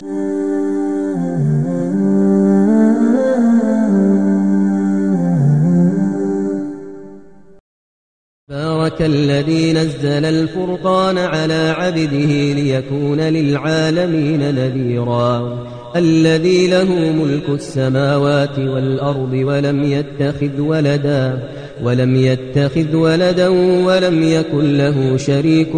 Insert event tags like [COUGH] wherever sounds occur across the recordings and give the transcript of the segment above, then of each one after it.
تبارك الذي نزل الفرقان على عبده ليكون للعالمين نذيرا الذي له ملك السماوات والأرض ولم يتخذ ولداً ولم يتخذ ولدا ولم يكن له شريك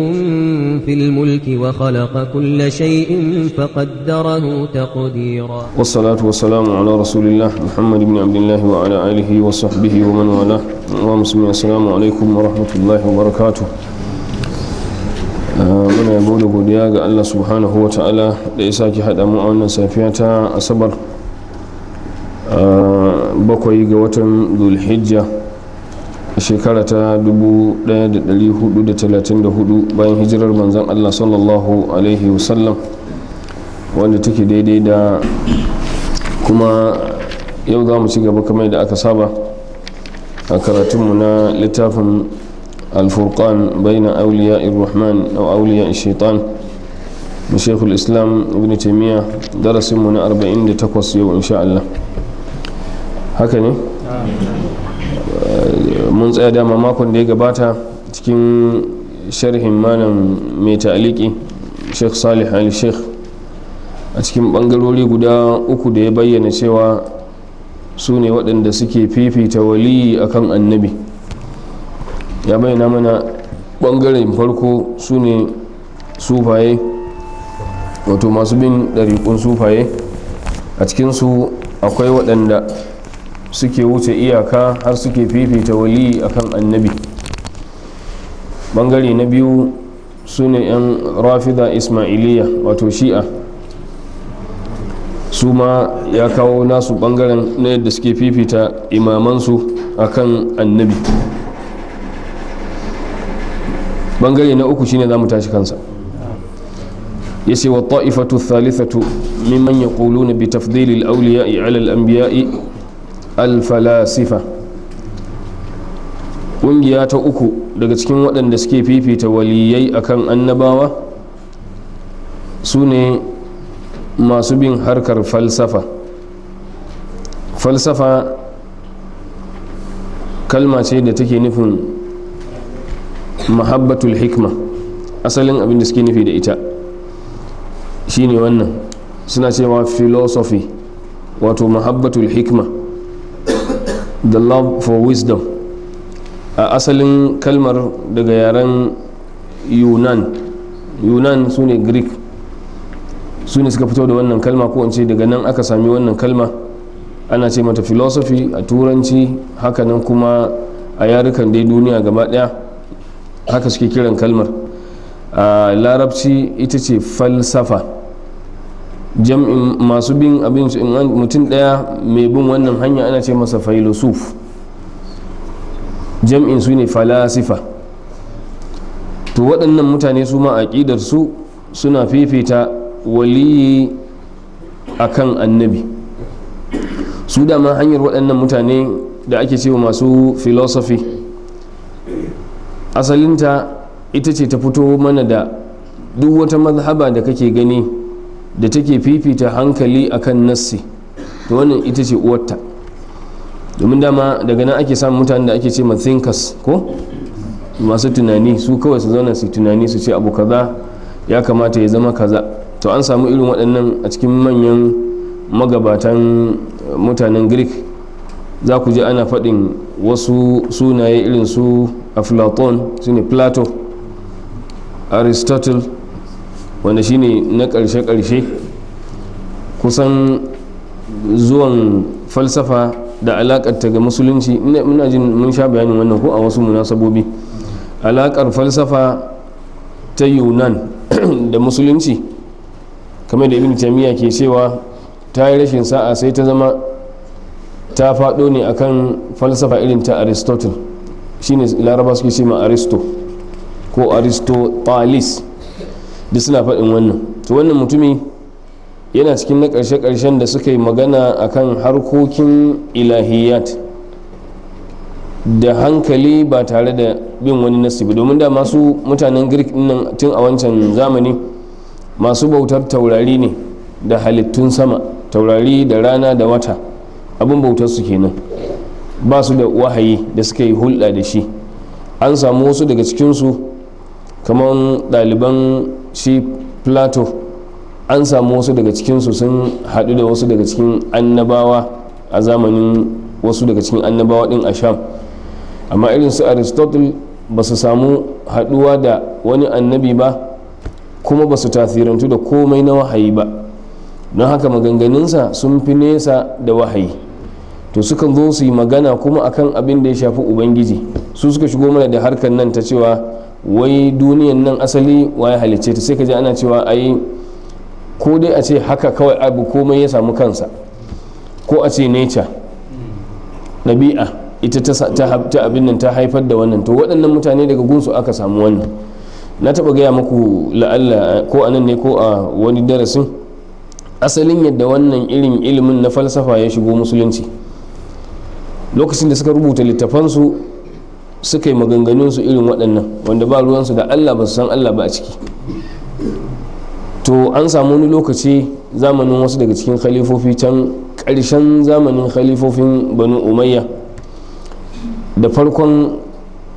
في الملك وخلق كل شيء فقدره تقديرا والصلاة والسلام على رسول الله محمد بن عبد الله وعلى آله وصحبه ومن والاه ومسلمين السلام عليكم ورحمة الله وبركاته آه، من يقول قد godiya الله سبحانه وتعالى wa ta'ala da ya أصبر haɗa آه، mu ذو الحجة a shekara ta 1434 bayan hijirar manzan allah sallallahu alaihi wasallam wanda take daidai da kuma yau za mu ci gaba kamar da aka saba a karatunmu na littafin alfurkan baina auliya irrahman na auliya shaitan da shekul islam ibn taimiyya darasinmu na 48 yau insha'allah haka ne mun tsaya dama makon da ya gabata cikin sharhin malam mai ta'aliki sheikh salih ali sheikh a cikin bangarori guda uku da ya bayyana cewa su ne waɗanda suke fifita waliyi akan annabi ya bayyana mana bangaren farko su ne sufaye wato masu bin ɗariƙun sufaye a cikinsu akwai waɗanda suke wuce iyaka har suke fifita wali akan annabi bangare na biyu su ne 'yan rafida ismailiya wato shi'a su ma ya kawo nasu bangaren na yadda suke fifita imamansu akan annabi bangare na uku shine za mu tashi kansa ya ce wa ta'ifatu thalithatu mimman yaquluna bi tafdilil awliya'i 'ala al alfalasifa ƙungiya ta uku daga cikin waɗanda suke fifita waliyai akan annabawa su ne masu bin harkar falsafa falsafa kalma ce da take nufin mahabbatul hikma asalin abin da suke nufi da ita shine wannan suna cewa filosofi wato mahabbatul hikma the love for wisdom a asalin kalmar daga yaren yunan yunan su ne greek su ne suka fito da wannan kalma ko in ce daga nan aka sami wannan kalma ana ce mata philosophy a turanci hakanan kuma a yarukan dai duniya gaba daya haka suke kiran kalmar a larabci ita ce falsafa jam'in masu bin abin mutum daya mai bin wannan hanya ana ce masa filosof jam'in su ne falasifa to waɗannan mutane su ma a su suna fifita waliyi kan annabi su dama hanyar waɗannan mutane da ake cewa masu filosofi asalinta ita ce ta fito mana da duk wata mazhaba da kake gani da take fifita hankali akan nassi to wannan ita ce uwarta domin dama daga nan ake samun mutane da ake ce ma thinkers ko masu tunani su kawai su zauna su tunani su ce abu kaza ya kamata ya zama kaza to an samu irin waɗannan a cikin manyan magabatan eh, mutanen greek za ku ji ana faɗin wasu sunaye irin su aflaton su ne plato aristotle wanda shine na ƙarshe-ƙarshe kusan zuwan falsafa da alaƙarta ga musulunci ina jin mun sha bayanin wannan ko a wasu munasabobi alaƙar falsafa ta yunan [CLEARS THROAT] da musulunci kamar da ibn tamiya ke cewa ta yi rashin sa'a sai ta zama ta faɗo ne akan falsafa irin ta aristotle shine laraba suke ce ma aristo ko aristotalis duk suna faɗin wannan to wannan mutumi yana cikin na ƙarshe-ƙarshen da suka yi magana a kan harkokin ilahiyat da hankali ba tare da bin wani nasibi domin da masu mutanen girk nan tun a wancan zamani masu bautar taurari ne da halittun sama taurari da rana da wata abin bautar su kenan ba su da wahayi da suka yi hulɗa da shi an samu wasu daga cikinsu kamar ɗaliban shi plato an samu wasu daga cikinsu sun haɗu da wasu daga cikin annabawa a zamanin wasu daga cikin annabawa ɗin a sham amma irin su aristotle ba su samu haɗuwa da wani annabi ba kuma ba su tasirantu da komai na wahayi ba don haka maganganunsa sun fi nesa da wahayi to suka zo su yi magana kuma akan abin da ya shafi ubangiji su suka shigo mana da harkar nan ta cewa wai duniyan nan asali waye halicce ta sai ka ji ana cewa ai ko dai a ce haka kawai abu komai ya samu kansa ko a ce nature ɗabi'a ita ta abin nan ta haifar da wannan to waɗannan mutane daga gunsu aka samu wannan na taɓa gaya muku la'alla ko a nan ne ko a wani darasin asalin yadda wannan irin ilimin na falsafa ya shigo musulunci lokacin da suka rubuta littafansu suka yi maganganunsu irin waɗannan wanda ba ruwansu da allah ba su san allah ba a ciki to an samu wani lokaci zamanin wasu daga cikin khalifofi can ƙarshen zamanin khalifofin banu umayya da farkon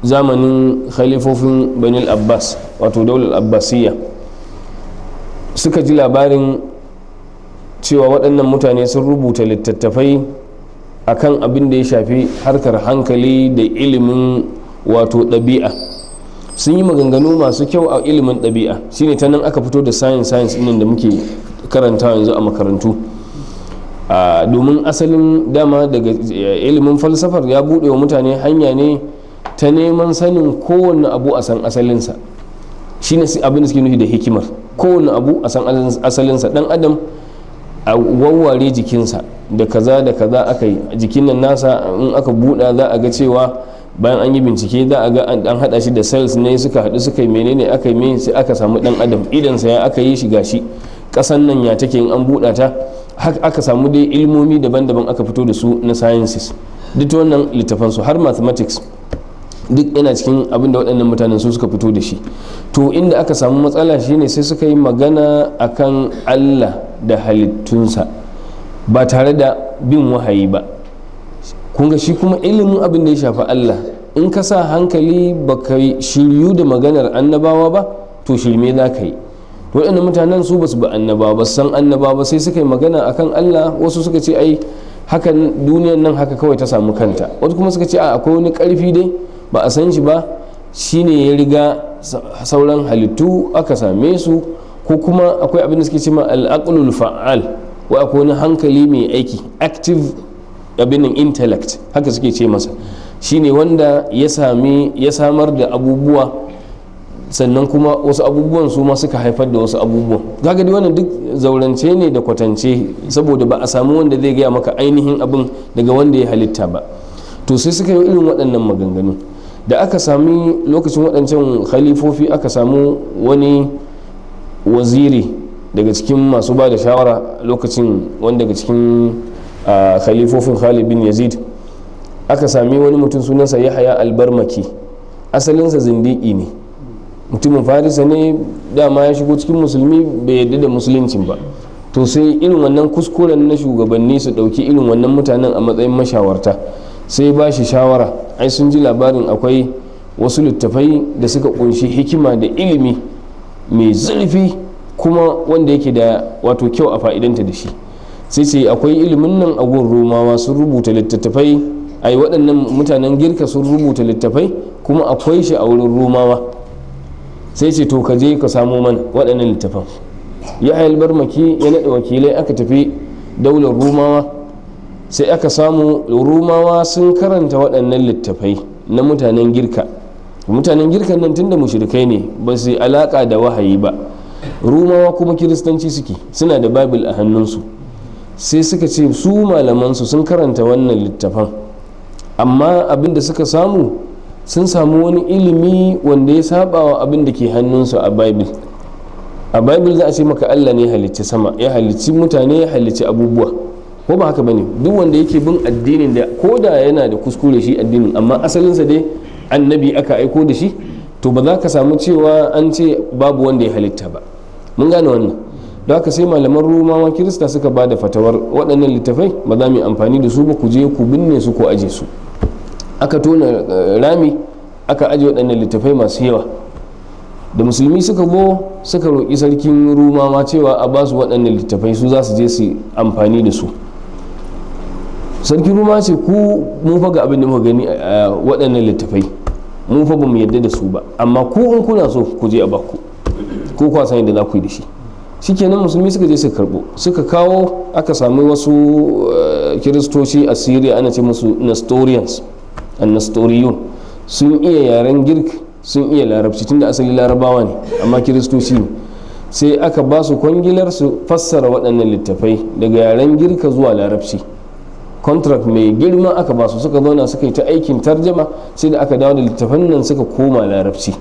zamanin khalifofin banu abbas wato daular abbasiyya suka ji labarin cewa waɗannan mutane sun rubuta littattafai akan abin da ya shafi harkar hankali da ilimin wato ɗabi'a sun yi maganganu masu kyau a ilimin ɗabi'a shine ta nan aka fito da science science ɗin da muke karanta yanzu a makarantu domin asalin dama daga eh, ilimin falsafar ya buɗe wa mutane hanya ne ta neman sanin kowane abu a san asalinsa shine abin da suke nufi da hikimar kowane abu a san asalinsa ɗan adam a wawware jikinsa da kaza da kaza aka yi jikin nan nasa in aka buɗa za a ga cewa bayan an yi bincike za a ga an haɗa shi da cells ne suka haɗu suka yi menene aka yi sai aka samu ɗan adam idan sai ya aka yi shi gashi ƙasan nan ya take in an buɗa ta haka aka samu dai ilmomi daban-daban aka fito da su na sciences duk wannan littafan su har mathematics duk yana cikin abin da waɗannan mutanen su suka fito da shi to inda aka samu matsala shine sai suka yi magana akan allah da halittunsa ba tare da bin wahayi ba kun ga shi kuma ilimin abin da ya shafi Allah in ka sa hankali ba ka shiryu da maganar annabawa ba to shirme za ka yi waɗannan mutanen su basu ba annaba ba san annabawa ba sai suka yi magana akan Allah wasu suka ce ai hakan duniyar nan haka kawai ta samu kanta wasu kuma suka ce a akwai wani karfi dai ba a san shi ba shine ya riga sauran halittu aka same su ko kuma akwai abin da suke ce ma al fa'al wa akwai wani hankali mai aiki active abinin intellect haka suke ce masa shine wanda ya samar da abubuwa sannan kuma wasu abubuwan su ma suka haifar da wasu abubuwan gagadi wannan duk zaurance ne da kwatance saboda ba a samu wanda zai gaya maka ainihin abin daga wanda ya halitta ba to sai suka yi irin waɗannan maganganu da aka sami lokacin waɗancan halifofi aka samu wani waziri daga cikin masu ba da shawara lokacin wani daga cikin khalifofin khalid bin yazid aka sami wani mutum sunansa yahaya albarmaki asalinsa zindiki ne mutumin farisa ne dama ya shigo cikin musulmi bai yadda da musuluncin ba to sai irin wannan kuskuren na shugabanni su ɗauki irin wannan mutanen a matsayin mashawarta sai ba shi shawara ai sun ji labarin akwai wasu littafai da suka kunshi hikima da ilimi mai zurfi kuma wanda yake da wato kyau a fa'idanta da shi sai ce akwai ilimin nan a gun romawa sun rubuta littattafai ai waɗannan mutanen girka sun rubuta littattafai kuma akwai shi a wurin romawa sai ce to ka je ka samo man waɗannan littattafan ya hayar maki ya naɗa wakilai aka tafi daular romawa sai aka samu romawa sun karanta waɗannan littattafai na mutanen girka mutanen girkan nan tun da mushrikai ne ba su alaƙa da wahayi ba rumawa kuma kiristanci suke suna da babil a hannunsu sai suka ce su malamansu sun karanta wannan littafan amma abin da suka samu sun samu wani ilimi wanda ya sabawa abin da ke hannunsu a babil a babil za a ce maka allah ne halicci sama ya halicci mutane ya halicci abubuwa ko ba haka bane duk wanda yake bin addinin da ko da yana da kuskure shi addinin amma asalinsa dai annabi aka aiko da shi to ba za ka samu cewa an ce babu wanda ya halitta ba mun gane wannan da haka sai malaman rumawa kirista suka ba da fatawar waɗannan littafai ba za mu yi amfani da su ba ku je ku binne su ko aje su aka tona eh, rami aka aje waɗannan littafai masu yawa da musulmi suka go suka roƙi sarkin rumawa cewa a basu su waɗannan littafai su za su je su amfani da su sarkin rumawa ce ku mun faga abin da muka gani a waɗannan littafai mu fa bamu yadda da su ba amma ku in kuna so ku je a baku ko kuwa san yadda za ku yi da shi shikenan musulmi suka je suka karbo suka kawo aka sami wasu eh, kiristoci a syria ana ce musu nestorians nestoriyun sun iya yaren girk sun iya larabci tunda asali larabawa ne amma kiristoci sai aka ba su kwangilar su fassara waɗannan littafai daga yaren girka zuwa larabci contract mai girma aka basu suka zauna suka yi ta aikin tarjama sai da aka dawo da littafan nan suka koma larabci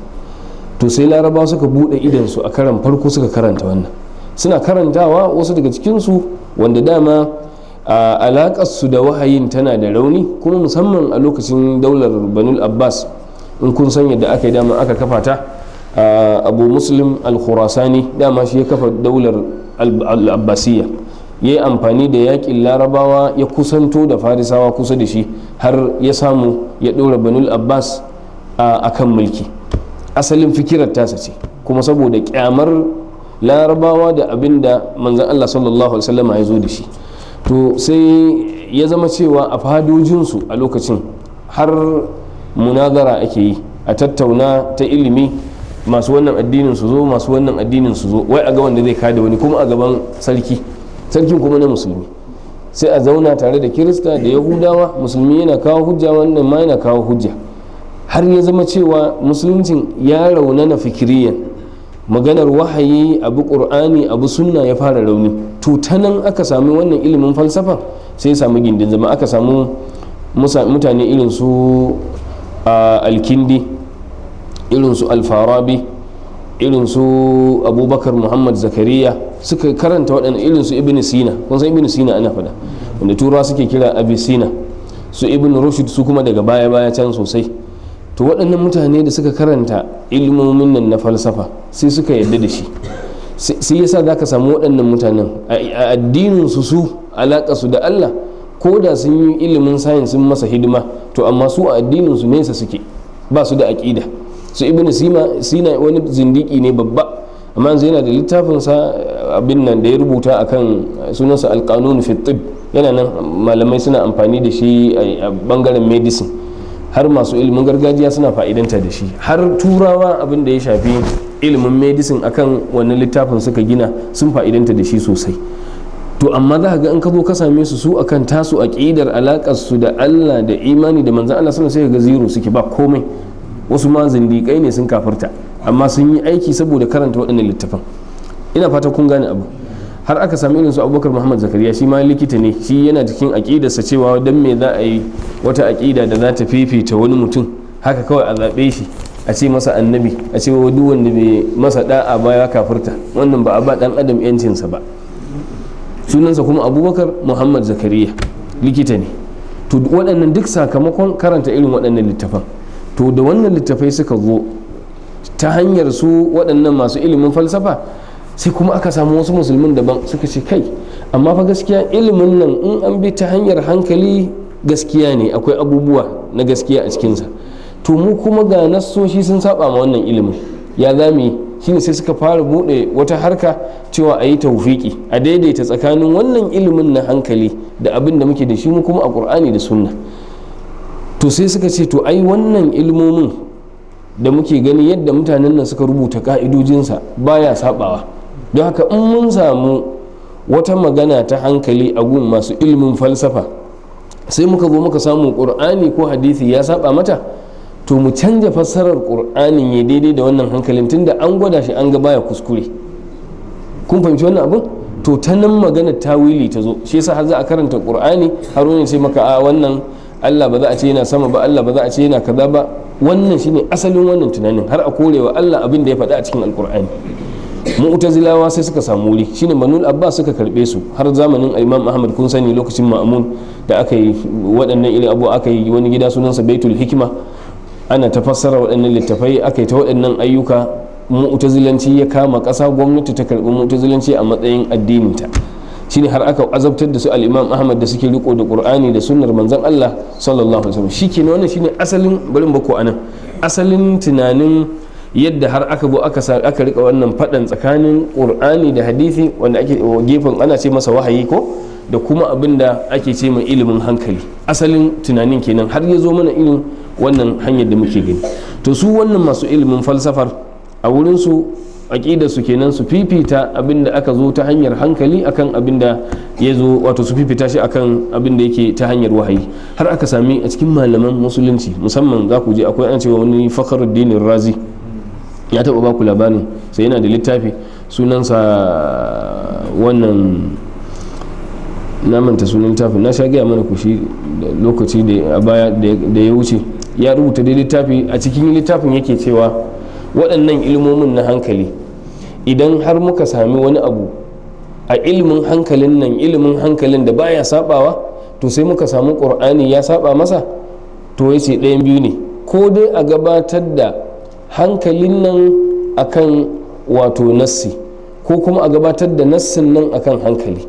to sai larabawa suka bude idansu a karan farko suka karanta wannan suna karantawa wasu daga cikin su wanda dama su da wahayin tana da rauni kuma musamman a lokacin daular banul abbas in kun san yadda aka yi dama aka kafa ta abu muslim al-khurasani dama shi ya kafa daular al-abbasiyya ya yi amfani da yaƙin larabawa ya kusanto da farisawa kusa da shi har ya samu ya ɗora banul abbas a kan mulki asalin fikirar tasa ce kuma saboda kyamar larabawa da abin da manzan allah sallallahu alaihi ya zo da shi to sai ya zama cewa a fadojinsu a lokacin har munazara ake yi a tattauna ta ilimi masu wannan addinin su zo masu wannan addinin su zo wai a ga wanda zai kada wani kuma a gaban sarki sarkin kuma na musulmi sai a zauna tare da kirista da yahudawa musulmi yana kawo hujja wannan ma yana kawo hujja har ya zama cewa musuluncin ya raunana fikiriyan maganar wahayi abu ƙur'ani abu sunna ya fara rauni to ta aka sami wannan ilimin falsafa sai sami gindin zama aka samu mutane irin su alkindi irin su alfarabi irin su abubakar muhammad zakariya suka karanta waɗanda irin su ibn sina kun san ibn sina ana fada wanda turawa suke kira abisina su ibn rushd su kuma daga baya baya can sosai to waɗannan mutane da suka karanta ilmomin nan na falsafa sai suka yadda da shi sai yasa za ka samu waɗannan mutanen a addinin su su alaƙa su da allah ko da sun yi ilimin sayin sun masa hidima to amma su a addinin su nesa suke ba su da aƙida su ibn sina wani zindiki ne babba amma yanzu yana da littafinsa abin nan da ya rubuta akan sunansa alkanun fitib yana nan malamai suna amfani da shi a bangaren medicine har masu ilimin gargajiya suna fa'idanta da shi har turawa abin da ya shafi ilimin medicine akan wannan littafin suka gina sun fa'idanta da shi sosai to amma za ga in ka zo ka same su su akan tasu aqidar alakar su da Allah da imani da manzon Allah suna sai ga zero suke ba komai wasu ma zindiƙai ne sun kafarta amma sun yi aiki saboda karanta waɗannan littafan ina fata kun gane abu har aka sami irin su abubakar muhammad zakariya shi ma likita ne shi yana cikin aƙidarsa cewa don me za a yi wata aƙida da za ta fifita wani mutum haka kawai a zaɓe shi a ce masa annabi a ce wa duk wanda bai masa da'a ba ya wannan ba a ba dan adam yancinsa ba sunansa kuma abubakar muhammad zakariya likita ne to waɗannan duk sakamakon karanta irin waɗannan littafan to da wannan littafai suka zo ta hanyar su waɗannan masu ilimin falsafa sai kuma aka samu wasu musulmin daban suka ce kai amma fa gaskiya ilimin nan in an bi ta hanyar hankali gaskiya ne akwai abubuwa na gaskiya a cikinsa to mu kuma ga nassoshi sun saba ma wannan ilimin ya zami shine sai suka fara bude wata harka cewa a yi taufiki a daidaita tsakanin wannan ilimin na hankali da abin da muke da shi mu kuma a ƙur'ani da sunna to sai suka ce to ai wannan ilmomin da muke gani yadda mutanen nan suka rubuta ka'idojinsa baya sabawa don haka in mun samu wata magana ta hankali a gun masu ilmin falsafa sai muka zo muka samu ƙur'ani ko hadisi ya saba mata to mu canja fassarar ƙur'ani ya daidai da wannan hankalin tunda an gwada shi an ga baya kuskure kun fahimci wannan abin to ta nan maganar tawili ta zo shi yasa har za a karanta ƙur'ani har wani sai maka a wannan Allah ba za a ce yana sama ba Allah ba za a ce yana kaza ba wannan shine asalin wannan tunanin har a korewa Allah abin da ya faɗa a cikin alkur'ani mu'tazilawa sai suka samu wuri shine manul abbas suka karbe su har zamanin imam ahmad kun sani lokacin ma'amun da aka yi waɗannan irin abu aka yi wani gida sunansa baitul hikima ana tafassara waɗannan littafai aka yi ta waɗannan ayyuka mu'tazilanci ya kama ƙasa gwamnati ta karɓi mu'tazilanci a matsayin addininta ta shine har aka azabtar da su al-Imam Ahmad da suke riko da Qur'ani da sunnar manzon Allah sallallahu alaihi wasallam shikenan wannan shine asalin barin bako anan asalin tunanin yadda har aka bo aka aka rika wannan fadan tsakanin Qur'ani da hadisi wanda ake gefen ana ce masa wahayi ko da kuma abin da ake ce mai ilimin hankali asalin tunanin kenan har ya zo mana ilimin wannan hanyar da muke gani to su wannan masu ilimin falsafar a wurinsu aƙida su kenan su fifita abinda aka zo ta hanyar hankali akan abinda ya zo wato su fifita shi akan abinda yake ta hanyar wahayi har aka sami a cikin malaman musulunci musamman za ku je akwai an cewa wani fakhruddin razi ya taɓa ba ku labarin sai yana da littafi sunansa wannan na manta sunan littafin na sha gaya mana kushi lokaci da ya wuce ya rubuta dai littafi a cikin littafin yake cewa waɗannan ilmomin na hankali idan har muka sami wani abu a ilimin hankalin nan ilimin hankalin da baya sabawa to sai muka samu ƙur'ani ya saba masa to ya ce ɗayan biyu ne ko dai a gabatar da hankalin nan akan wato nassi ko kuma a gabatar da nassin nan akan hankali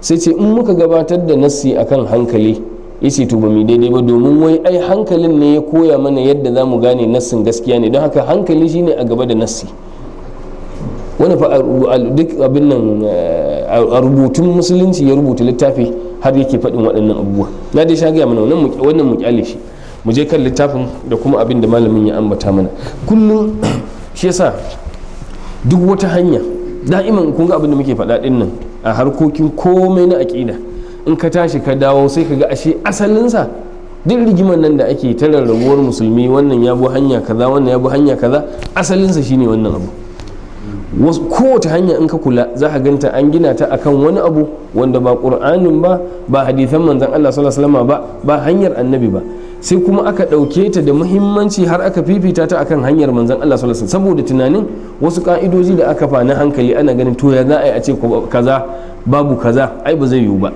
sai ce in muka gabatar da nassi akan hankali ya ce to ba mu daidai ba domin wai ai hankalin ne ya koya mana yadda za mu gane nassin gaskiya ne don haka hankali shine a gaba da nassi wani fa duk eh, a rubutun musulunci ya rubuta littafi har yake faɗin waɗannan abubuwa na dai sha gaya mana wannan mu shi mu je kan littafin da kuma abin da malamin ya ambata mana kullum shi yasa duk wata hanya da'iman kun ga abin da muke faɗa ɗin nan a harkokin komai na aƙida in ka tashi ka dawo sai ka ga ashe asalinsa duk rigimar nan da ake ta rarrabuwar musulmi wannan ya bu hanya kaza wannan ya bu hanya kaza asalinsa shine wannan abu kowace hanya in ka kula za a ganta an gina ta akan wani abu wanda ba ƙur'anin ba ba hadithan manzan Allah sallallahu alaihi wasallam ba ba hanyar annabi ba sai kuma aka ɗauke ta da muhimmanci har aka fifita ta akan hanyar manzan Allah sallallahu alaihi saboda tunanin wasu ka'idoji da aka fa na hankali ana ganin to ya za a yi a ce kaza babu kaza ai zai yiwu ba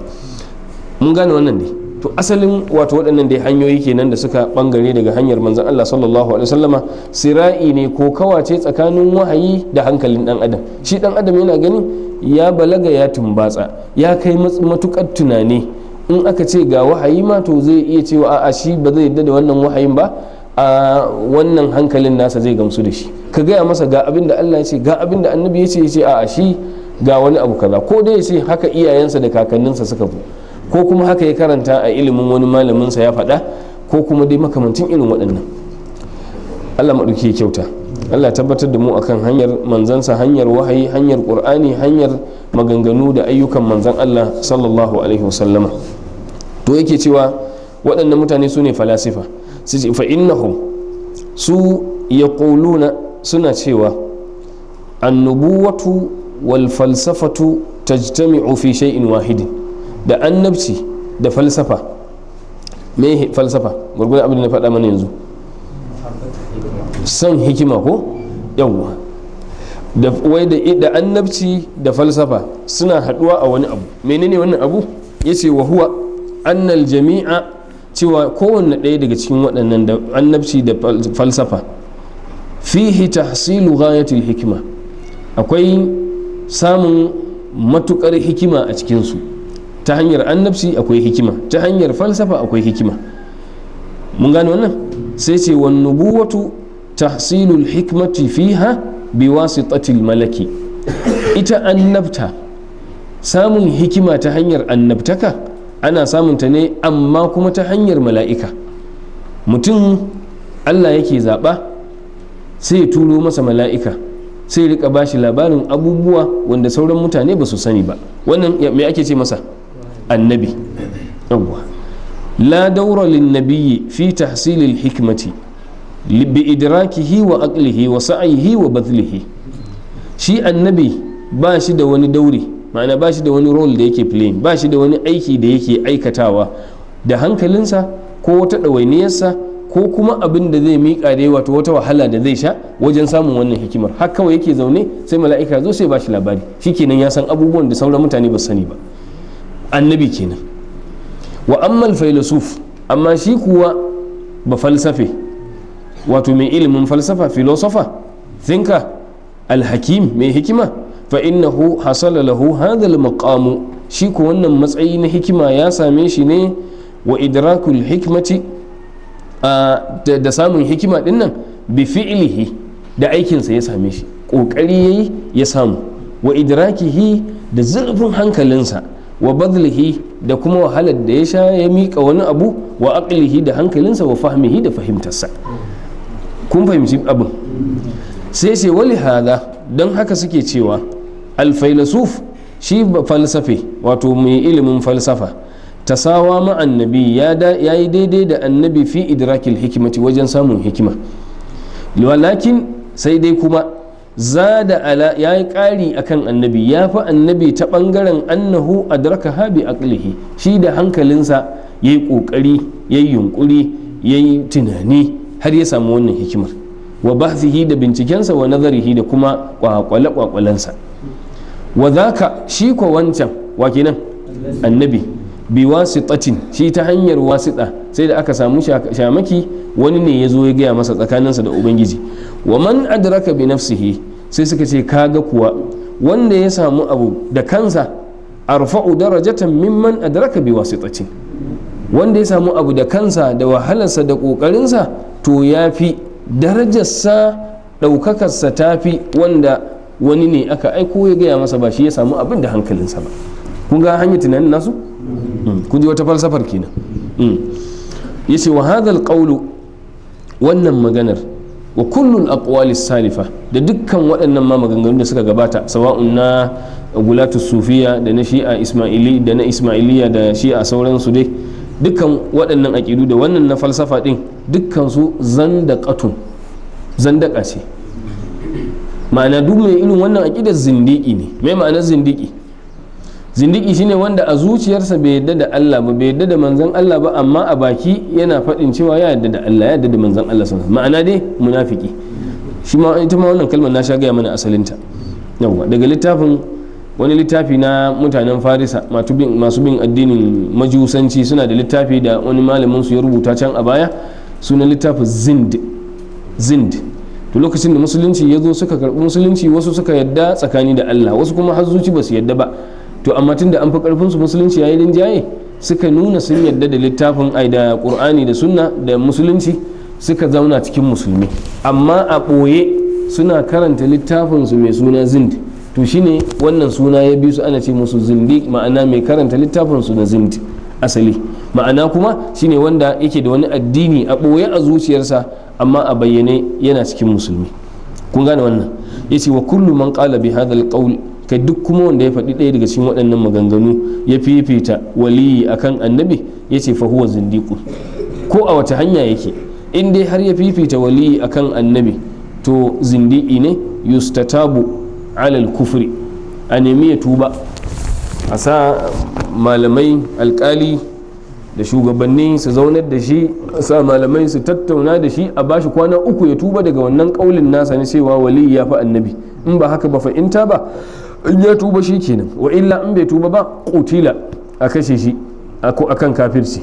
mun gane wannan ne to asalin wato waɗannan dai hanyoyi kenan da suka bangare daga hanyar manzan Allah sallallahu alaihi wasallama sira'i ne ko kawace tsakanin wahayi da hankalin ɗan adam shi dan adam yana gani ya balaga ya tumbatsa ya kai matukar tunani in aka ce ga wahayi ma to zai iya cewa a'a shi ba zai yadda da wannan wahayin ba a wannan hankalin nasa zai gamsu da shi ka gaya masa ga abin da Allah ya ce ga abin da annabi ya ce ya ce a'a shi ga wani abu kaza ko dai ya ce haka iyayensa da kakanninsa suka fi ko kuma haka ya karanta a ilimin wani malaminsa ya faɗa ko kuma dai makamantin irin waɗannan allah maɗauki ya kyauta allah tabbatar da mu akan hanyar manzansa hanyar wahayi hanyar ƙur'ani hanyar maganganu da ayyukan manzan allah sallallahu alaihi wasallama to yake cewa waɗannan mutane su ne falasifa su ce fa innahum su yaquluna suna cewa annubuwatu wal falsafatu tajtami'u fi shay'in wahidin da annabci da falsafa me falsafa gwargwadon abin da na faɗa mana yanzu son hikima ko yawwa da wai da annabci da falsafa suna haɗuwa a wani abu menene wannan abu ya wa huwa annal jami'a cewa kowanne ɗaya daga cikin waɗannan da annabci da falsafa fihi tahsilu ghayatul hikima akwai samun matukar hikima a cikin su ta hanyar annabci akwai hikima ta hanyar falsafa akwai hikima mun gane wannan sai ce wan nubuwatu tahsilul hikmati fiha bi wasitatil malaki ita annabta samun hikima ta hanyar annabtaka ana samunta ne amma kuma ta hanyar mala'ika mutum allah yake zaɓa sai turo masa mala'ika sai rika bashi labarin abubuwa wanda sauran mutane ba su sani ba wannan me ake ce masa annabi yawwa la daura lin nabiyyi fi tahsil al hikmati bi idrakihi wa aqlihi wa sa'yihi wa badlihi shi annabi ba shi da wani dauri ma'ana ba shi da wani role da yake playing ba shi da wani aiki da yake aikatawa da hankalinsa ko wata ɗawainiyarsa ko kuma abin da zai miƙa da wato wata wahala da zai sha wajen samun wannan hikimar har kawai yake zaune sai mala'ika zo sai ba shi labari shikenan ya san abubuwan da sauran mutane ba sani ba annabi kenan wa ammal failasuf amma shi kuwa ba falsafe wato mai ilimin falsafa filosofa thinka alhakim mai hikima fa innahu hasala lahu hadhal maqamu shi ko wannan matsayi na hikima ya same shi ne wa idrakul hikmati da samun hikima dinnan bi fi'lihi da aikinsa ya same shi ƙoƙari ya ya samu wa idrakihi da zurfin hankalinsa wa badlihi da kuma wahalar da ya sha ya miƙa wani abu wa aqlihi da hankalinsa wa fahmihi da fahimtarsa kun fahimci abin sai sai wali hada don haka suke cewa alfailasuf shi falsafe wato mai ilimin falsafa tasawa ma annabi ya yi daidai da annabi fi idrakil hikimati wajen samun hikima walakin sai dai kuma zada ala ya yi ƙari a kan annabi ya fi annabi ta ɓangaren annahu daraka habi aqlihi shi da hankalinsa ya yi ƙoƙari ya yi yunƙuri ya yi tunani har ya samu wannan hikimar wa bahsihi da bincikensa wa nazarihi da kuma kwakwale-kwakwalensa wa ka shi kwa wancan wa kenan annabi bi wasitatin shi ta hanyar wasita sai da aka samu shamaki wani ne ya zo ya gaya masa tsakaninsa da ubangiji wa man adraka bi nafsihi sai suka ce kaga kuwa wanda ya samu abu da kansa arfa'u darajatan mimman adraka bi wasitatin wanda ya samu abu da kansa da wahalarsa da kokarinsa to ya fi darajarsa ɗaukakarsa ta fi wanda wani ne aka aiko ya gaya masa ba shi ya samu abin da hankalinsa ba kun ga hanyar tunanin nasu mm. kun ji wata falsafar kenan mm. ya ce wa hadal wannan maganar wa kullun aqwali salifa da dukkan waɗannan ma maganganun da suka gabata sawa'un na gulatu sufiya da na shi'a ismaili da na ismailiya da shi'a sauransu dai dukkan waɗannan aƙidu da wannan na falsafa ɗin dukkan su zandaqatun ce ma'ana duk mai irin wannan aƙidar zindiki ne mai ma'anar zindiki zindiki shine wanda a zuciyarsa bai yadda da Allah ba bai yadda da manzon Allah ba amma a baki yana faɗin cewa ya yadda da Allah ya yadda da manzon Allah ma'ana dai munafiki shi ma ita ma wannan kalmar na sha gaya mana asalinta yawwa daga littafin wani littafi na mutanen farisa masu bin addinin majusanci suna da littafi da wani malamin su ya rubuta can a baya suna littafin zind zind to lokacin da musulunci ya zo suka karɓi musulunci wasu suka yadda tsakani da Allah wasu kuma har zuci ba su yadda ba to amma tunda an fi karfin su musulunci yayi rinjaye suka nuna sun yadda da littafin ai da qur'ani da sunna da musulunci suka zauna cikin musulmi amma a boye suna karanta littafin su mai suna zind to shine wannan suna ya bi su ana ce musu zindi ma'ana mai karanta littafin su na zind asali ma'ana kuma shine wanda yake da wani addini a boye a zuciyarsa amma a bayyane yana cikin musulmi kun gane wannan yace wa kullu man qala bi hadha al kai duk kuma wanda ya faɗi ɗaya daga cikin waɗannan maganganu ya fifita waliyi akan annabi ya ce fa huwa zindiku ko a wata hanya yake in dai har ya fifita waliyi akan annabi to zindiki ne yustatabu alal kufri a nemi ya tuba a sa malamai alkali da shugabanni su zaunar da shi sa malamai su tattauna da shi a bashi kwana uku ya tuba daga wannan kaulin nasa na cewa wali ya fi annabi in ba haka ba fa'inta ba in ya tuba shi kenan wa illa in bai tuba ba kutila a kashe shi akan kafirci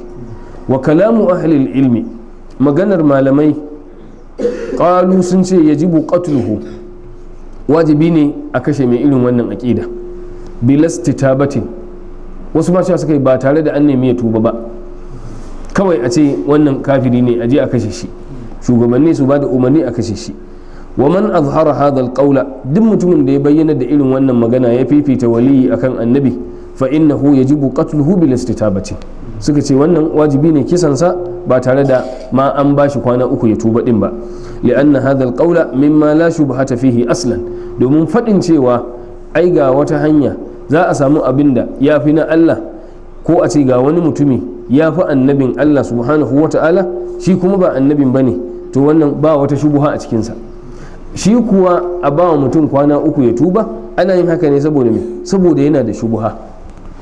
wa kalamu ahlil ilmi maganar malamai ƙalu sun ce ya yajibu qatluhu wajibi ne a kashe mai irin wannan aƙida bilastitabatin wasu ma suka yi ba tare da an nemi ya tuba ba kawai a ce wannan kafiri ne a je a kashe shi shugabanni su ba da umarni a kashe shi waman man azhara hadha alqawla duk mutumin da ya bayyana da irin wannan magana ya fifita waliyyi akan annabi fa innahu yajibu qatluhu bil istitabati suka ce wannan wajibi ne kisansa ba tare da ma an ba shi kwana uku ya tuba din ba li'anna hadha alqawla mimma la shubhata fihi aslan domin fadin cewa ai ga wata hanya za a samu abin da ya fi na Allah ko a ce ga wani mutumi ya fi annabin Allah subhanahu wata'ala shi kuma ba annabin bane to wannan ba wata shubuha a cikinsa shi kuwa a bawa mutum kwana uku ya tuba ana yin haka ne saboda me saboda yana da shubuha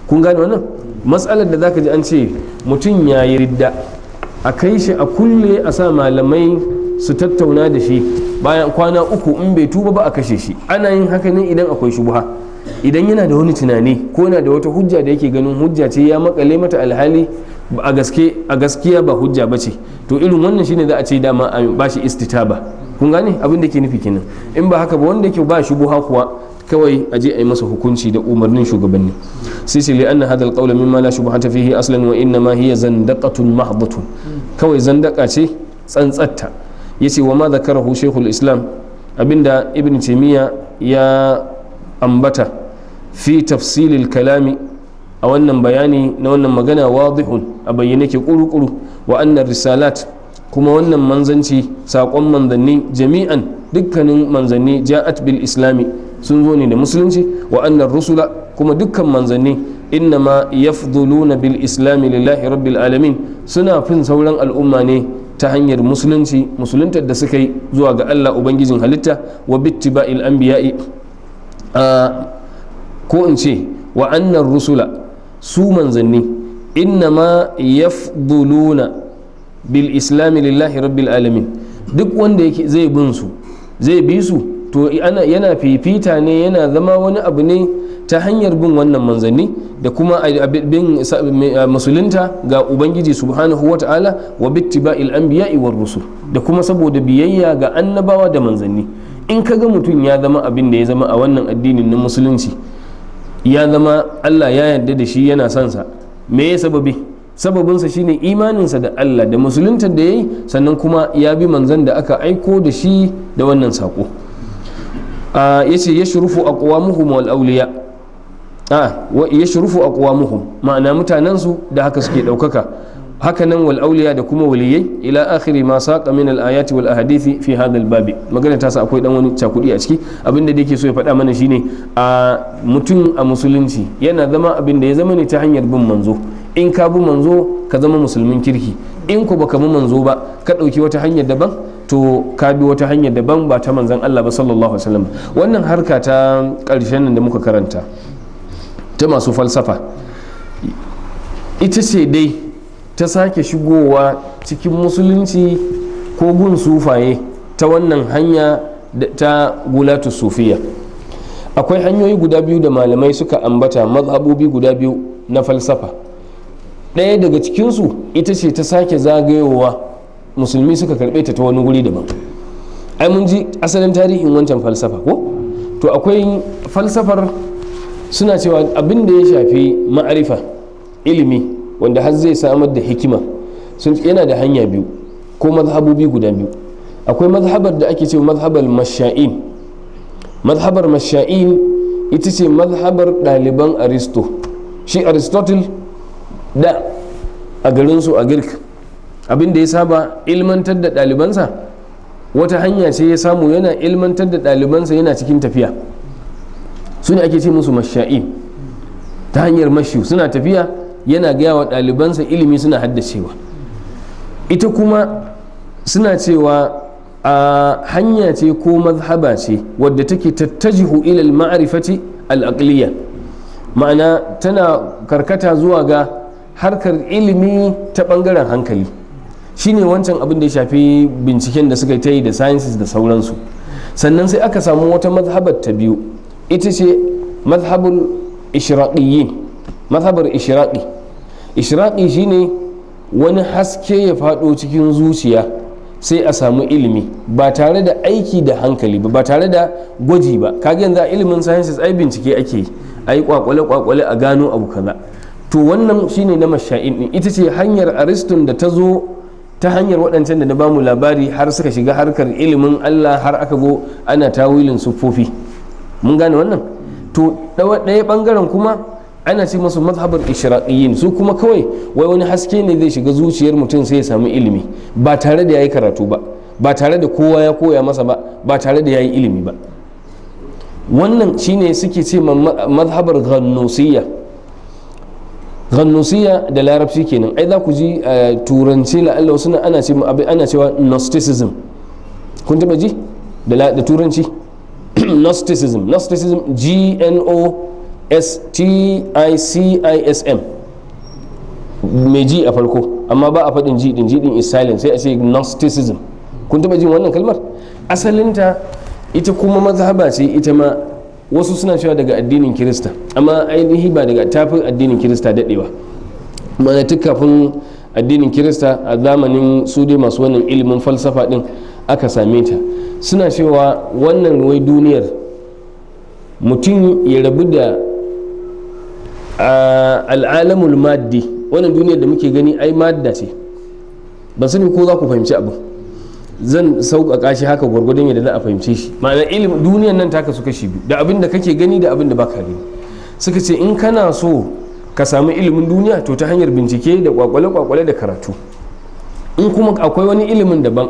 kun gane wannan matsalar da zaka ji an ce mutum ya yi ridda a kai shi a kulle a sa malamai su tattauna da shi bayan kwana uku in bai tuba ba a kashe shi ana yin haka ne idan akwai shubuha idan yana da wani tunani ko yana da wata hujja da yake ganin hujja ce ya makale mata alhali a gaskiya ba hujja ba ce to irin wannan shine za a ce dama a bashi istitaba kun gane abin da ke nufi kenan in ba haka ba wanda ke ba shubuha kuwa kawai a je a yi masa hukunci da umarnin shugabanni sai sai li anna hadal qawla mimma la shubuhata fihi aslan wa inna ma hiya zandaqatun mahdhatun kawai zandaka ce tsantsatta yace wa ma zakarahu shaykhul islam abinda ibn taymiya ya ambata fi tafsilil kalami a wannan bayani na wannan magana wadihun a bayyane ke kuru-kuru wa annan risalat kuma wannan manzanci saƙon manzanni jami'an dukkanin manzanni ja'at bil islami sun zo ne da musulunci wa annar rusula kuma dukkan manzanni ma yafduluna bil islami lillahi rabbil alamin suna fin sauran al'umma ne ta hanyar musulunci musuluntar da suka yi zuwa ga Allah ubangijin halitta wa bittiba'il anbiya'i ko in ce wa annar rusula su manzanni innama yafduluna bil islami lillahi rabbil alamin duk wanda yake zai bin su zai bi su to yana fifita ne yana zama wani abu ne ta hanyar bin wannan manzanni da kuma bin musulunta ga ubangiji subhanahu wa ta'ala wa bittiba'il anbiya'i war rusul da kuma saboda biyayya ga annabawa da manzanni in ka ga mutum ya zama abin da ya zama a wannan addinin na musulunci ya zama Allah ya yarda da shi yana son sa me ya sababi sababinsa shine imaninsa da Allah da musulunta da yayi sannan kuma ya bi manzan da aka aiko da shi da wannan sako ya ce ya shurufu a ƙuwamuhum wal auliya ya shurufu a ƙuwamuhum ma'ana su da haka suke ɗaukaka hakanan wal auliya da kuma waliyai ila akhiri ma saqa min al ayati wal ahadithi fi hadha al babi magana ta sa akwai dan wani cakudi a ciki abinda da yake so ya faɗa mana shine a mutum a musulunci yana zama abin da ya zama ne ta hanyar bin manzo in ka bi manzo ka zama musulmin kirki in ku baka bi manzo ba ka ɗauki wata hanyar daban to ka bi wata hanyar daban ba ta manzan Allah ba sallallahu alaihi wasallam wannan harka ta ƙarshen nan da muka karanta ta masu falsafa ita ce dai ta sake shigowa cikin musulunci ko gun sufaye ta wannan hanya ta gulatu sufiya akwai hanyoyi guda biyu da malamai suka ambata mazhabobi guda biyu na falsafa ɗaya daga cikinsu ita ce ta sake zagayowa musulmi suka karɓe ta ta wani guri daban ai mun ji asalin tarihin wancan falsafa ko to akwai falsafar suna cewa abin da ya shafi ma'arifa ilimi wanda har zai samar da hikima sun yana da hanya biyu ko mazhabobi guda biyu akwai mazhabar da ake ce mazhabar masha'in mazhabar masha'in ita ce mazhabar ɗaliban aristo shi aristotle da a garinsu a girk abin da ya saba ilmantar da ɗalibansa wata hanya ce ya samu yana ilmantar da ɗalibansa yana cikin tafiya su ne ake ce musu masha'i ta hanyar mashi suna tafiya yana gaya wa ɗalibansa ilimi suna haddacewa ita kuma suna cewa a hanya ce ko mazhaba ce wadda take tattajihu ilal ma'arifati al ma'ana tana karkata zuwa ga harkar ilimi ta bangaren hankali shine wancan abin da ya shafi binciken da suka ta yi da sciences da sauransu sannan sai aka samu wata mazhabar ta biyu ita ce mazhabul ishraqiyin mazhabar ishraqi ishraqi shine wani haske ya faɗo cikin zuciya sai a samu ilimi ba tare da aiki da hankali ba ba tare da gwaji ba kaga yanzu a ilimin sciences ai bincike ake yi ai kwakwale kwakwale a gano abu kaza to wannan shine na masha'in din ita ce hanyar ariston da ta zo ta hanyar waɗancan da na bamu labari har suka shiga harkar ilimin allah har aka go ana tawilin siffofi mun gane wannan to ɗaya ɓangaren kuma ana ce masu mazhabar ishiraɗiyin su kuma kawai wai wani haske ne zai shiga zuciyar mutum sai ya samu ilimi ba tare da ya yi karatu ba ba tare da kowa ya koya masa ba ba tare da ya yi ilimi ba wannan shine suke ce mazhabar ghannusiyya ghannusiya da larabci kenan ai za ku ji a eh, turanci la Allah na ana ce ana cewa gnosticism kun taba ji da turanci [CLEARS THROAT] gnosticism gnosticism g n o s t i c i s m me ji a farko amma ba a faɗin ji din ji din is silent sai a ce gnosticism kun taba jin wannan kalmar asalinta ita kuma mazhaba ce ita ma wasu suna cewa daga addinin kirista amma ainihi ba daga tafin addinin kirista daɗewa mana tuk kafin addinin kirista a zamanin su dai masu wannan ilimin falsafa ɗin aka same ta suna cewa wannan wai duniyar mutum ya rabu da al'alamul maddi wannan duniyar da muke gani ai madda ce ba ne ko za ku fahimci abin zan sauƙaƙa shi haka gwargwadon yadda za a fahimce shi ma'ana ilimin duniyan nan taka suka shi da abin da kake gani da abin da baka gani suka ce in kana so ka samu ilimin duniya to ta hanyar bincike da kwakwale-kwakwale da karatu in kuma akwai wani ilimin daban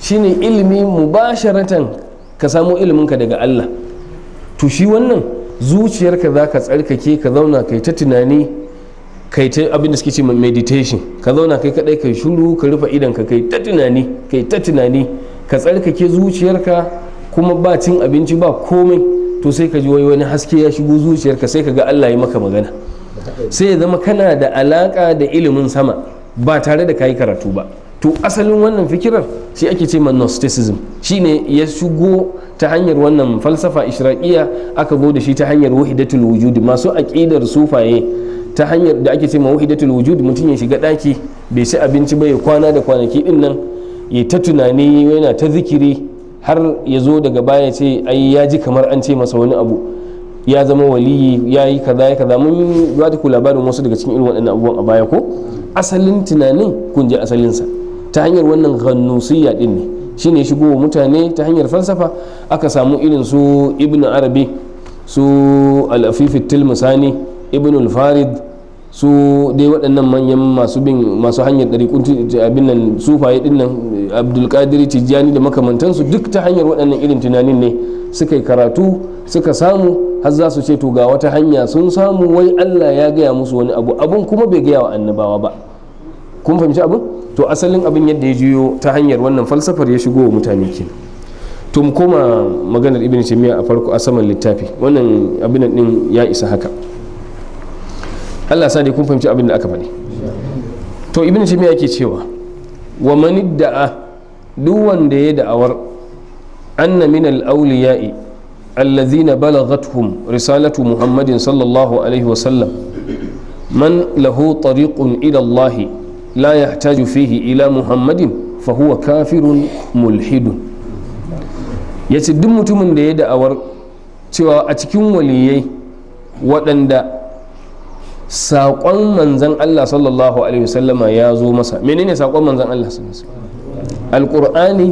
shine ilimi mubasharatan ka samu ka daga Allah to shi wannan zuciyarka za ka tsarkake ka zauna kai ta tunani kai ta abin da suke ce meditation ka zauna kai kadai kai shuru ka rufe idan ka kai ta tunani kai ta tunani ka tsarkake zuciyarka kuma ba cin abinci ba komai to sai ka ji wai wani haske ya shigo zuciyarka sai ka ga Allah ya maka magana sai ya zama kana da alaka da ilimin sama ba tare da kayi karatu ba to asalin wannan fikirar shi ake ce gnosticism shine ya shigo ta hanyar wannan falsafa ishraqiya aka zo da shi ta hanyar wahidatul wujud masu aqidar sufaye ta hanyar da ake ce ma wahidatul wujud mutum ya shiga daki bai ci abinci ba ya kwana da kwanaki din nan ya ta tunani yana ta zikiri har ya zo daga baya ce ai ya ji kamar an ce masa wani abu ya zama waliyi ya yi kaza ya kaza mun ba ku labarin wasu daga cikin irin waɗannan abubuwan a baya ko asalin tunanin kun je asalinsa ta hanyar wannan gannusiyya din ne shine ya shigo mutane ta hanyar falsafa aka samu irin su ibnu arabi su al-afif tilmusani ibn farid su dai waɗannan manyan masu bin masu hanyar ɗari abin nan sufaye ɗin nan abdulkadir tijjani da makamantansu duk ta hanyar waɗannan irin tunanin ne suka yi karatu suka samu har za su ce to ga wata hanya sun samu wai allah ya gaya musu wani abu abun kuma bai gaya wa annabawa ba kun fahimci abin to asalin abin yadda ya juyo ta hanyar wannan falsafar ya shigo wa mutane ke to mu koma maganar ibn taymiya a farko a saman littafi wannan abin din ya isa haka Allah sa dai kun fahimci abin da aka faɗi to ibn taymiya yake cewa wa man da'a duk wanda ya da'awar anna min al-awliya'i allazina balagathum risalatu muhammadin sallallahu alaihi wa sallam man lahu tariqun ila Allah la yahtaju fihi ila muhammadin fa huwa kafirun mulhidun yace duk mutumin da ya da'awar cewa a cikin waliyai waɗanda saƙon manzan Allah sallallahu alaihi wasallama ya zo masa menene saƙon manzan Allah sallallahu alaihi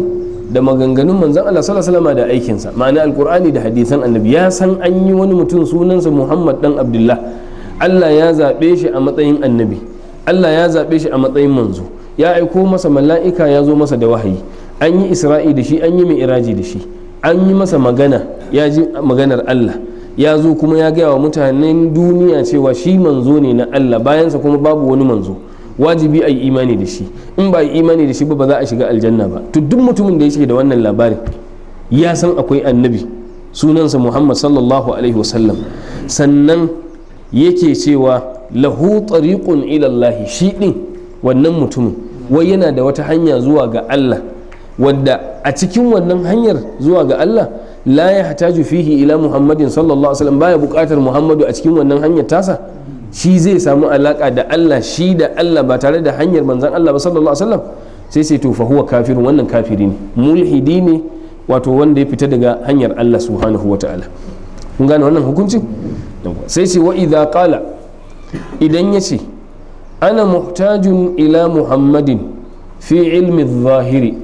da maganganun manzan Allah sallallahu alaihi wasallama da aikinsa ma'ana alƙur'ani da hadisan annabi ya san an yi wani mutum sunansa Muhammad dan Abdullah Allah ya zaɓe shi a matsayin annabi Allah ya zaɓe shi a matsayin manzo ya aiko masa mala'ika ya zo masa da wahayi an yi isra'i da shi an yi mai iraji da shi an yi masa magana ya ji maganar Allah ya zo kuma ya gaya wa mutanen duniya cewa shi manzo ne na Allah bayansa kuma babu wani manzo wajibi a yi imani da shi in ba yi imani da shi ba ba za a shiga aljanna ba to duk mutumin da ya shiga da wannan labarin ya san akwai annabi sunansa muhammad sallallahu alaihi wasallam sannan yake cewa lahu tariqun ila Allah shi din wannan mutumin wai yana da wata hanya zuwa ga Allah wanda a cikin wannan hanyar zuwa ga Allah la ya hataju fihi ila muhammadin sallallahu alaihi wasallam baya bukatar muhammadu a cikin wannan hanyar tasa shi zai samu alaƙa da Allah shi da Allah ba tare da hanyar manzan Allah ba sallallahu alaihi wasallam sai sai to fa wannan kafiri ne mulhidi ne wato wanda ya fita daga hanyar Allah subhanahu wataala kun gane wannan hukuncin sai ce wa idza qala ana muhtajun ila muhammadin fi ilmi zahiri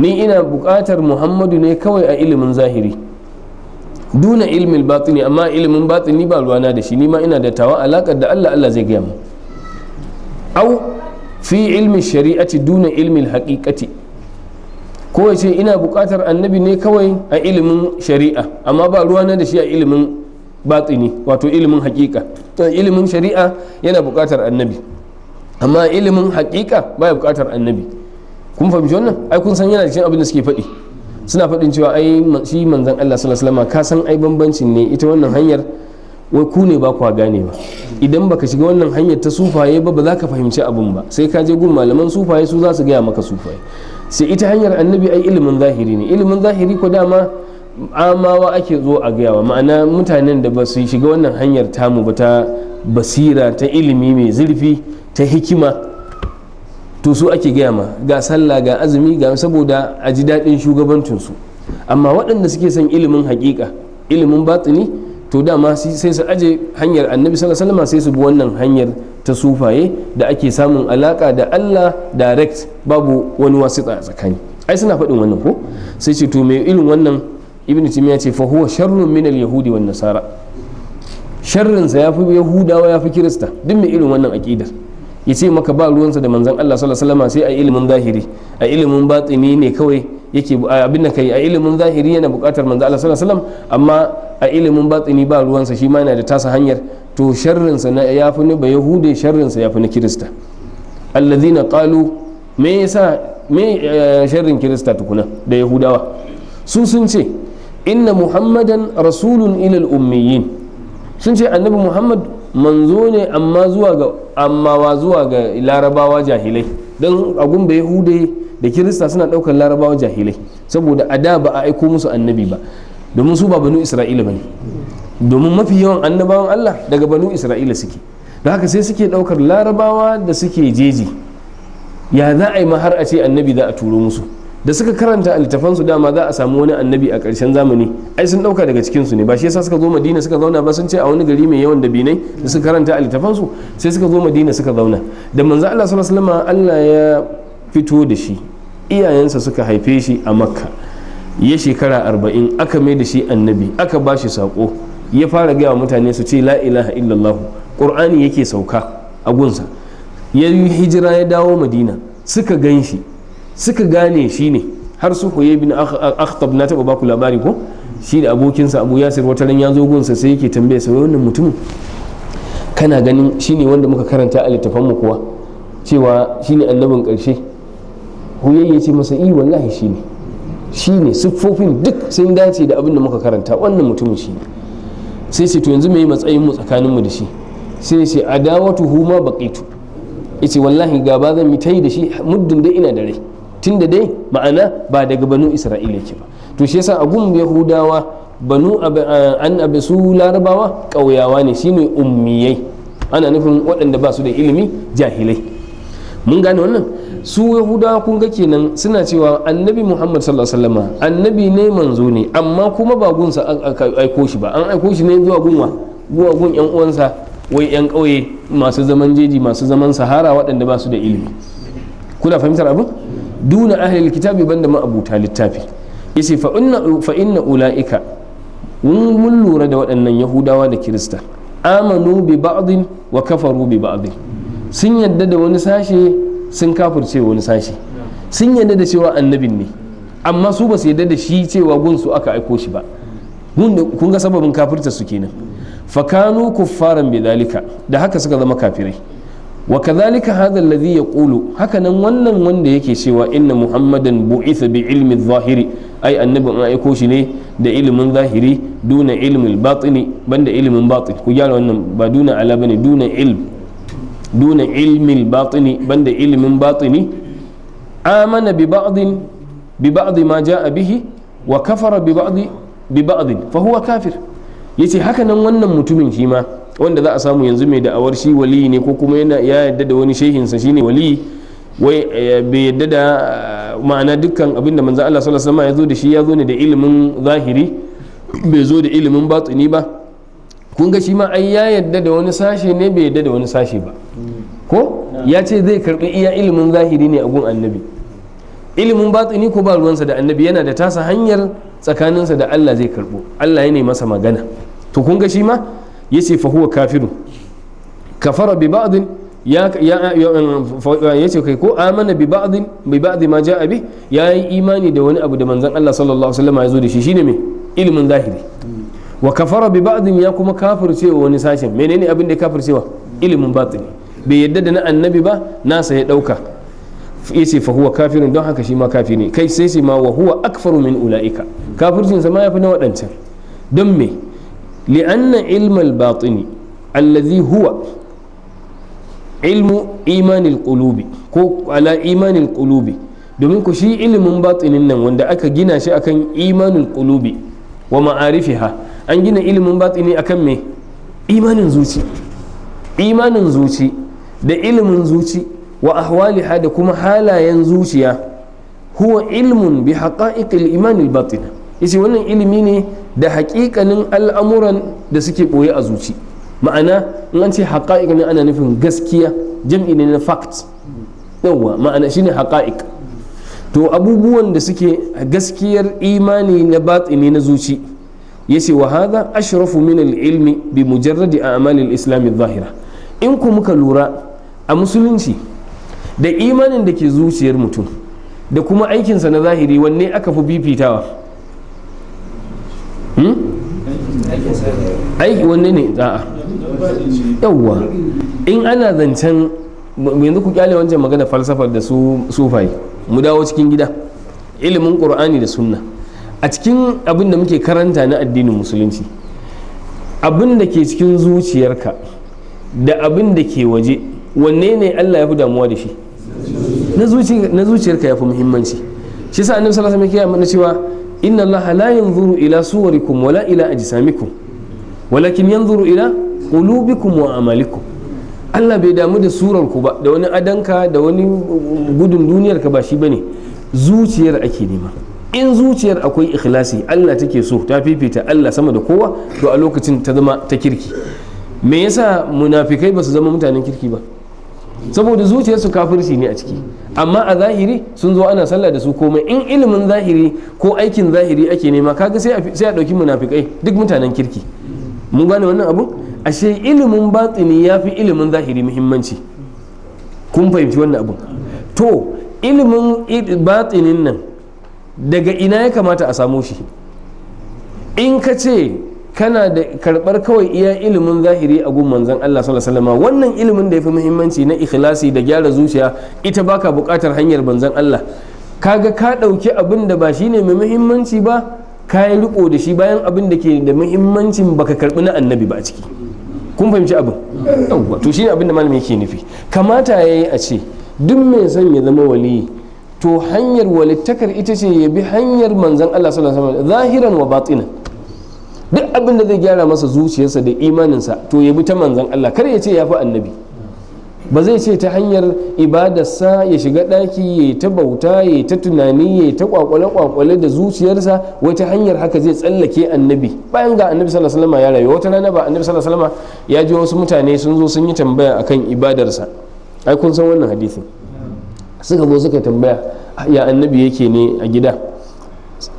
ni ina buƙatar muhammadu ne kawai a ilimin zahiri duna ilmin batini amma ilimin batini ba ruwana da shi ni ma ina da tawa alaƙar da allah allah zai gaya mu au fi ilmin shari'ati duna ilmin haƙiƙati ko ce ina buƙatar annabi ne kawai a ilimin shari'a amma ba ruwana da shi a ilimin batini wato ilimin haƙiƙa ilimin shari'a yana buƙatar annabi amma ilimin haƙiƙa baya buƙatar annabi kun fahimci wannan ai kun san yana cikin abin da suke faɗi suna faɗin cewa ai shi manzon Allah sallallahu alaihi wasallam ka san ai bambancin ne ita wannan hanyar wai ku ne ba kwa gane ba idan baka shiga wannan hanyar ta sufaye ba ba za ka fahimci abun ba sai ka je gun malaman sufaye su za su gaya maka sufaye sai ita hanyar annabi ai ilimin zahiri ne ilimin zahiri ko dama amawa ake zo a gayawa ma'ana mutanen da ba su shiga wannan hanyar tamu ba ta basira ta ilimi mai zurfi ta hikima to su ake gaya ma ga sallah ga azumi ga saboda a ji daɗin shugabancinsu amma waɗanda suke son ilimin haƙiƙa ilimin batini to dama sai su aje hanyar annabi sallallahu alaihi sai su bi wannan hanyar ta sufaye da ake samun alaka da Allah direct babu wani wasita a tsakani ai suna faɗin wannan ko sai ce to mai irin wannan ibn timiya ce fa huwa sharrun min yahudi wan nasara sharrin sa yafi yahudawa ya fi kirista duk mai irin wannan aqidar ya ce maka ba ruwansa da manzan Allah sallallahu alaihi sai a ilimin zahiri a ilimin batini ne kawai yake abin da kai a ilimin zahiri yana buƙatar manzan Allah sallallahu alaihi amma a ilimin batini ba ruwansa shi ma yana da tasa hanyar to sharrinsa na yafi na sharrin sa yafi na kirista allazina qalu me yasa me eh, sharrin kirista tukuna da yahudawa su sun ce inna muhammadan rasulun ilal ummiyin sun ce annabi muhammad manzo ne amma zuwa ga ammawa zuwa ga larabawa jahilai don agun bai hude da kirista suna ɗaukar larabawa jahilai saboda a da ba a aiko musu annabi ba domin su ba banu isra'ila ba ne domin mafi yawan annabawan allah daga banu isra'ila suke da haka sai suke ɗaukar larabawa da suke jeji ya za a yi mahar a ce annabi za a turo musu da suka karanta littafan dama za a samu wani annabi a karshen zamani ai sun ɗauka daga cikin su ne ba shi yasa suka zo madina suka zauna ba sun ce a wani gari mai yawan dabinai da suka karanta littafan sai suka zo madina suka zauna da manzo Allah sallallahu alaihi wasallam Allah ya fito da shi iyayensa suka haife shi a makka ya shekara arba'in aka mai da shi annabi aka ba shi saƙo ya fara gaya mutane su ce la ilaha illallah ƙur'ani yake sauka a gunsa ya yi hijira ya dawo madina suka gan shi suka gane shi ne har su huye bin akhtab na taba baku labari ko shi da abokinsa abu yasir wata ran ya zo gunsa sai yake tambaya sa wannan mutumin kana ganin shi ne wanda muka karanta a littafan mu kuwa cewa shi ne annabin karshe huyayya ya ce masa i eh, wallahi shi ne siffofin duk sun dace da abin da muka karanta wannan mutumin shi ne sai ce to yanzu me matsayin mu tsakanin mu da shi sai ce adawatu huma baqitu yace wallahi gaba zan yi tayi da shi muddin da ina da rai Tun da dai ma'ana ba daga banu isra'ila ke ba to shi yasa a gun yahudawa banu eh, an abu su larabawa ƙauyawa ne shine ummiyai ana nufin waɗanda ba su da ilimi jahilai mun gane wannan su yahudawa kun ga kenan suna cewa annabi muhammad sallallahu alaihi wasallam annabi ne manzo ne amma kuma ba gunsa an aiko shi ba an aiko shi ne zuwa gunwa zuwa gun yan uwansa wai yan ƙauye masu zaman jeji masu zaman sahara waɗanda ba su da ilimi kuna fahimtar abin duna ahlil kitabi banda ma'abuta littafi yace fa inna fa ulaika mun lura da waɗannan yahudawa da kirista amanu bi wa kafaru bi ba'din sun yadda da wani sashe sun kafirce wani sashe sun yadda da cewa annabin ne amma su ba su yadda da shi cewa su aka aiko shi ba kun ga sababin kafirta su kenan fakanu kuffaran bidalika da haka suka zama kafirai wa kadhalika hadha ya yaqulu hakanan wannan wanda yake cewa inna muhammadan bu'itha bi ilmi zahiri ai annabin an aiko shi ne da ilimin zahiri duna ilmin batini banda ilimin batin ku gyara wannan ba duna ala bane duna ilm amana bi ba'din bi ba'di ma bihi wa kafara bi ba'di fa huwa kafir yace hakanan wannan mutumin shi ma wanda za a samu yanzu mai da'awar shi wali ne ko kuma yana ya yadda da wani shehinsa ne wali wai eh, bai yadda da eh, ma'ana dukkan abin da manzo Allah sallallahu alaihi wasallam ya zo da shi ya zo ne da ilimin zahiri bai zo da ilimin batini ba kun ga shi ma ai ya yadda da wani sashe ne bai yadda da wani sashe ba ko ya ce zai karbi iya ilimin zahiri ne a gun annabi ilimin batini ko ba ruwansa da annabi yana da tasa hanyar tsakaninsa da Allah zai karbo Allah ya ne masa magana to kun ga shi ma yace fa huwa kafiru kafara bi ba'd um, ya yace kai ko amana bi ba'd bi ba'd ma ja'a bi yayi imani da wani abu da manzon Allah sallallahu alaihi wasallam ya zo da shi shine me ilimin zahiri wa kafara bi ba'din ya kuma wa wani sashen menene abin da ya kafircewa ilimin batini bai yadda da na annabi ba nasa ya dauka yace fa huwa kafirun don haka shi ma kafiri kai sai sai ma wa huwa akfaru min ulaika kafircin sa ma yafi na wadancan don me li'anna ilmal batini allazi huwa ilmu imanil ko ala imanil qulubi domin ku shi ilimin batinin nan wanda aka gina shi akan imanul qulubi wa ma'arifiha an gina ilimin batini akan imanin zuci da ilmin zuci wa ahwaliha da kuma halayen zuciya huwa ilmun bi haqa'iqil imanil batina yace wannan ilimi ne da hakikanin al'amuran da suke boye a zuci ma'ana in an ce haqa'iq ne ana nufin gaskiya jam'i ne na fact yawwa ma'ana shine haka'ika. to abubuwan da suke gaskiyar imani na batsi ne na zuci yace wa hadha ashrafu min al-ilmi bi mujarradi a'mal al-islam zahira in ku muka lura a musulunci da imanin da ke zuciyar mutum da kuma aikinsa na zahiri wanne aka fi bifitawa Hmm? aiki wanne ne yauwa in ana zancen yanzu ku kyale wancan magana falsafar da su sufai mu dawo cikin gida ilimin qur'ani da sunna a cikin abin da muke karanta na addinin musulunci abin da ke cikin zuciyarka da abin da ke waje wanne ne Allah ya fi damuwa da shi na zuciyarka ya fi muhimmanci shi sa annabi sallallahu alaihi wasallam ya mana cewa inna الله la ينظر ila suwarikum wala ila أجسامكم walakin ينظر ila قلوبكم wa Allah bai damu da surarku ba da wani adanka da wani gudun duniyar ka ba shi bane zuciyar ake nema in zuciyar akwai ikhlasi Allah take so ta fifita Allah sama da kowa to a lokacin ta zama ta kirki me yasa munafikai ba su zama mutanen kirki ba saboda zuciyarsu kafirci ne a ciki amma a zahiri sun zo ana sallah da su komai in ilimin zahiri ko aikin zahiri ake nema kaga sai a ɗauki munafikai duk mutanen kirki mun gane wannan abu ashe ilimin batini ya fi ilimin zahiri muhimmanci kun fahimci wannan abu to ilimin batsinin nan daga ina ya kamata a samo shi in ka ce kana da karɓar kawai iya ilimin zahiri a gun manzon Allah sallallahu alaihi wasallam wannan ilimin da yafi muhimmanci na ikhlasi da gyara zuciya ita baka buƙatar hanyar manzon Allah kaga ka ɗauki abin da ba shine mai muhimmanci ba ka yi riko da shi bayan abin da ke da muhimmancin baka karɓi na annabi ba a ciki kun fahimci abin yawwa to shine abin da malami yake nufi kamata yayi a ce duk mai son ya zama wali to hanyar walittakar ita ce ya bi hanyar manzon Allah sallallahu alaihi wasallam zahiran wa batinan duk abin da zai gyara masa zuciyarsa da imaninsa to ya bi ta manzan Allah kar ya ce ya fi annabi ba zai ce ta hanyar ibadarsa ya shiga ɗaki ya ta bauta ya ta tunani ya ta kwakwale-kwakwale da zuciyarsa wai ta hanyar haka zai tsallake annabi bayan ga annabi sallallahu ya rayu wata rana ba annabi sallallahu ya ji wasu mutane sun zo sun yi tambaya akan ibadarsa ai kun san wannan hadisin suka zo suka tambaya ya annabi yake ne a gida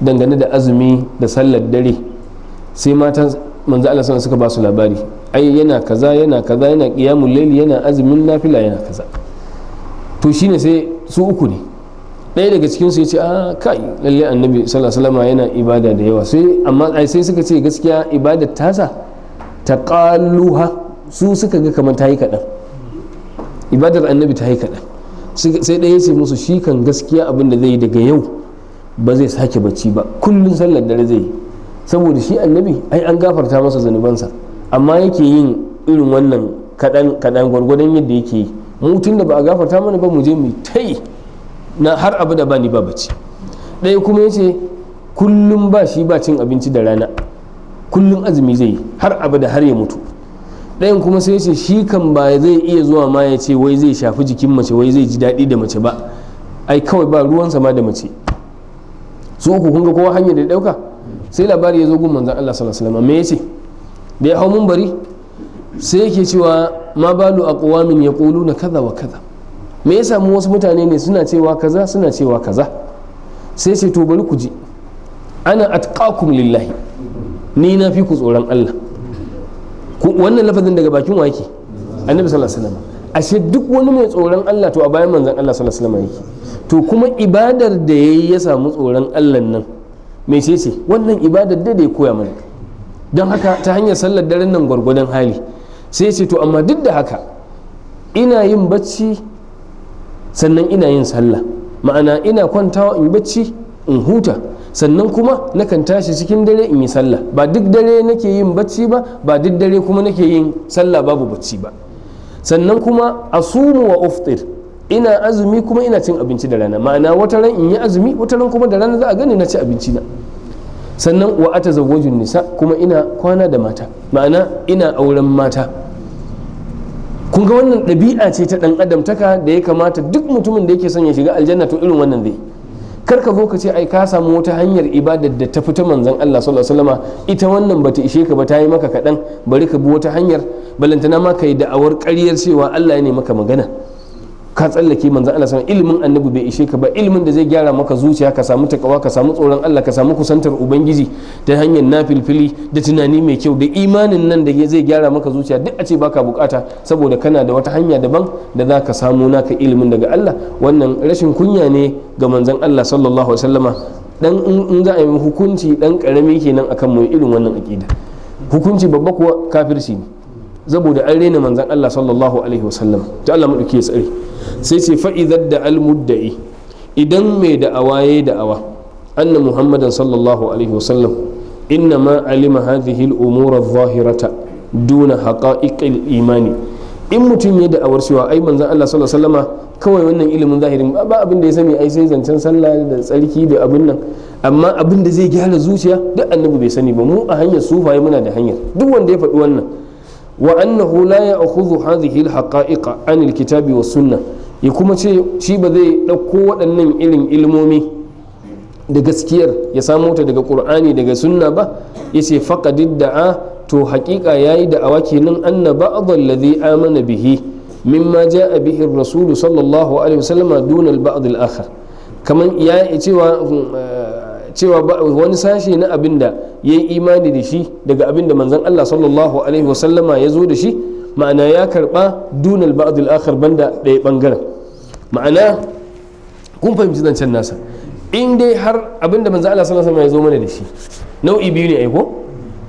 dangane da azumi da sallar dare sai matan manzo Allah sallallahu suka ba su labari ai yana kaza yana kaza yana qiyamul layli yana azumin nafila yana kaza to shine sai su uku ne ɗaya daga cikin su ya ce a ah, kai lalle annabi sallallahu alaihi wasallam yana ibada da yawa sai amma ai sai suka ce gaskiya ibada tasa taqalluha su suka ga kamar ta yi kaɗan ibadar annabi ta yi kaɗan sai ɗaya ce musu shi kan gaskiya abin da zai yi daga yau ba zai sake bacci ba kullum sallar dare zai yi saboda shi annabi ai an gafarta masa zanubansa amma yake yin irin wannan kaɗan kaɗan gwargwadon yadda yake yi mu tun da ba a gafarta mana ba mu je mu ta yi na har abu da ba ni ba bace ɗaya kuma yace kullum ba shi ba cin abinci da rana kullum azumi zai yi har abu da har ya mutu ɗayan kuma sai yace shi kan ba zai iya zuwa ma ya ce wai zai shafi jikin mace wai zai ji daɗi da mace ba ai kawai ba ruwan sama da mace su uku kun ga kowa hanyar da ya ɗauka sai labari ya zo gun manzan Allah sallallahu alaihi wasallam me yace da ya hau bari sai yake cewa ma balu aqwamin yaquluna kaza wa kaza me ya mu wasu mutane ne suna cewa kaza suna cewa kaza sai ce to bari ku ji ana atqakum lillahi ni na fi ku tsoron Allah wannan lafazin daga bakin wake annabi sallallahu alaihi wasallam ashe duk wani mai tsoron Allah to a bayan manzan Allah sallallahu alaihi wasallam yake to kuma ibadar da yayi ya samu tsoron Allah nan mai mecece wannan ibadar da ya koya mana don haka ta hanyar sallar daren nan gwargwadon hali sai ce to amma duk da haka ina yin bacci sannan ina yin sallah ma'ana ina kwantawa in bacci in huta sannan kuma nakan tashi cikin dare in yi sallah ba duk dare nake yin bacci ba ba duk dare kuma nake yin sallah babu bacci ba sannan kuma asumu wa uftir ina azumi kuma ina cin abinci da rana ma'ana wata ran in yi azumi wata ran kuma da rana za a gani na ci abinci na sannan wa ata zawajun nisa kuma ina kwana da mata ma'ana ina auren mata kun ga wannan ɗabi'a ce ta ɗan adam taka da ya kamata duk mutumin da yake son ya shiga aljanna to irin wannan zai kar ka zo ka ce ai ka samu wata hanyar ibadar da ta fita manzon Allah sallallahu alaihi wasallama ita wannan bata ishe ka ba ta yi maka kaɗan bari ka bi wata hanyar balantana ma ka yi da'awar ƙaryar cewa Allah ya ne maka magana ka tsallake manzan Allah sallallahu ilimin annabi bai ishe ka ba ilimin da zai gyara maka zuciya ka samu takawa ka samu tsoron Allah ka samu kusantar ubangiji ta hanyar na nafilfili da tunani mai kyau da imanin nan da zai gyara maka zuciya duk a ce baka bukata saboda kana da wata hanya daban da za ka samu naka ilimin daga Allah wannan rashin kunya ne ga manzan Allah sallallahu alaihi wasallama dan in za a yi hukunci dan karami kenan akan mu irin wannan aqida hukunci babba kuwa kafirci ne saboda an rena manzan Allah sallallahu alaihi wasallam to Allah mu dauke tsare sai ce fa'idar da almuddai idan mai da'awa ya da'awa anna muhammadan sallallahu alaihi wasallam inna ma alima hadhihi al-umura zahirata duna haqa'iqil imani in mutum ya da'awar cewa ai manzon Allah sallallahu alaihi wasallama kawai wannan ilimin zahirin ba abin da ya sani ai sai zancen sallah da tsarki da abin nan amma abin da zai gyara zuciya duk annabi bai sani ba mu a hanyar sufaye muna da hanyar duk wanda ya faɗi wannan wa annahu la ya'khudhu hadhihi al-haqa'iqa an al-kitabi was ya kuma ce shi ba zai ɗauko waɗannan irin ilmomi da gaskiyar ya samo ta daga ƙur'ani daga sunna ba ya ce faƙadid da'a to haƙiƙa ya yi da'awa kenan anna ba'adar ladhi amana bihi mimma a bihin rasulu sallallahu alaihi wasallama dunal ba'adil akhar kamar ya yi cewa wani sashe na abin da ya yi imani da shi daga abin da manzan Allah sallallahu alaihi wasallama ya zo da shi ma'ana ya karba dunal ba'dul akhar banda ɗaya ɓangaren. ma'ana kun fahimci zancen nasa in dai har abin da manzan Allah sallallahu alaihi wasallama ya zo mana da shi nau'i biyu ne aiko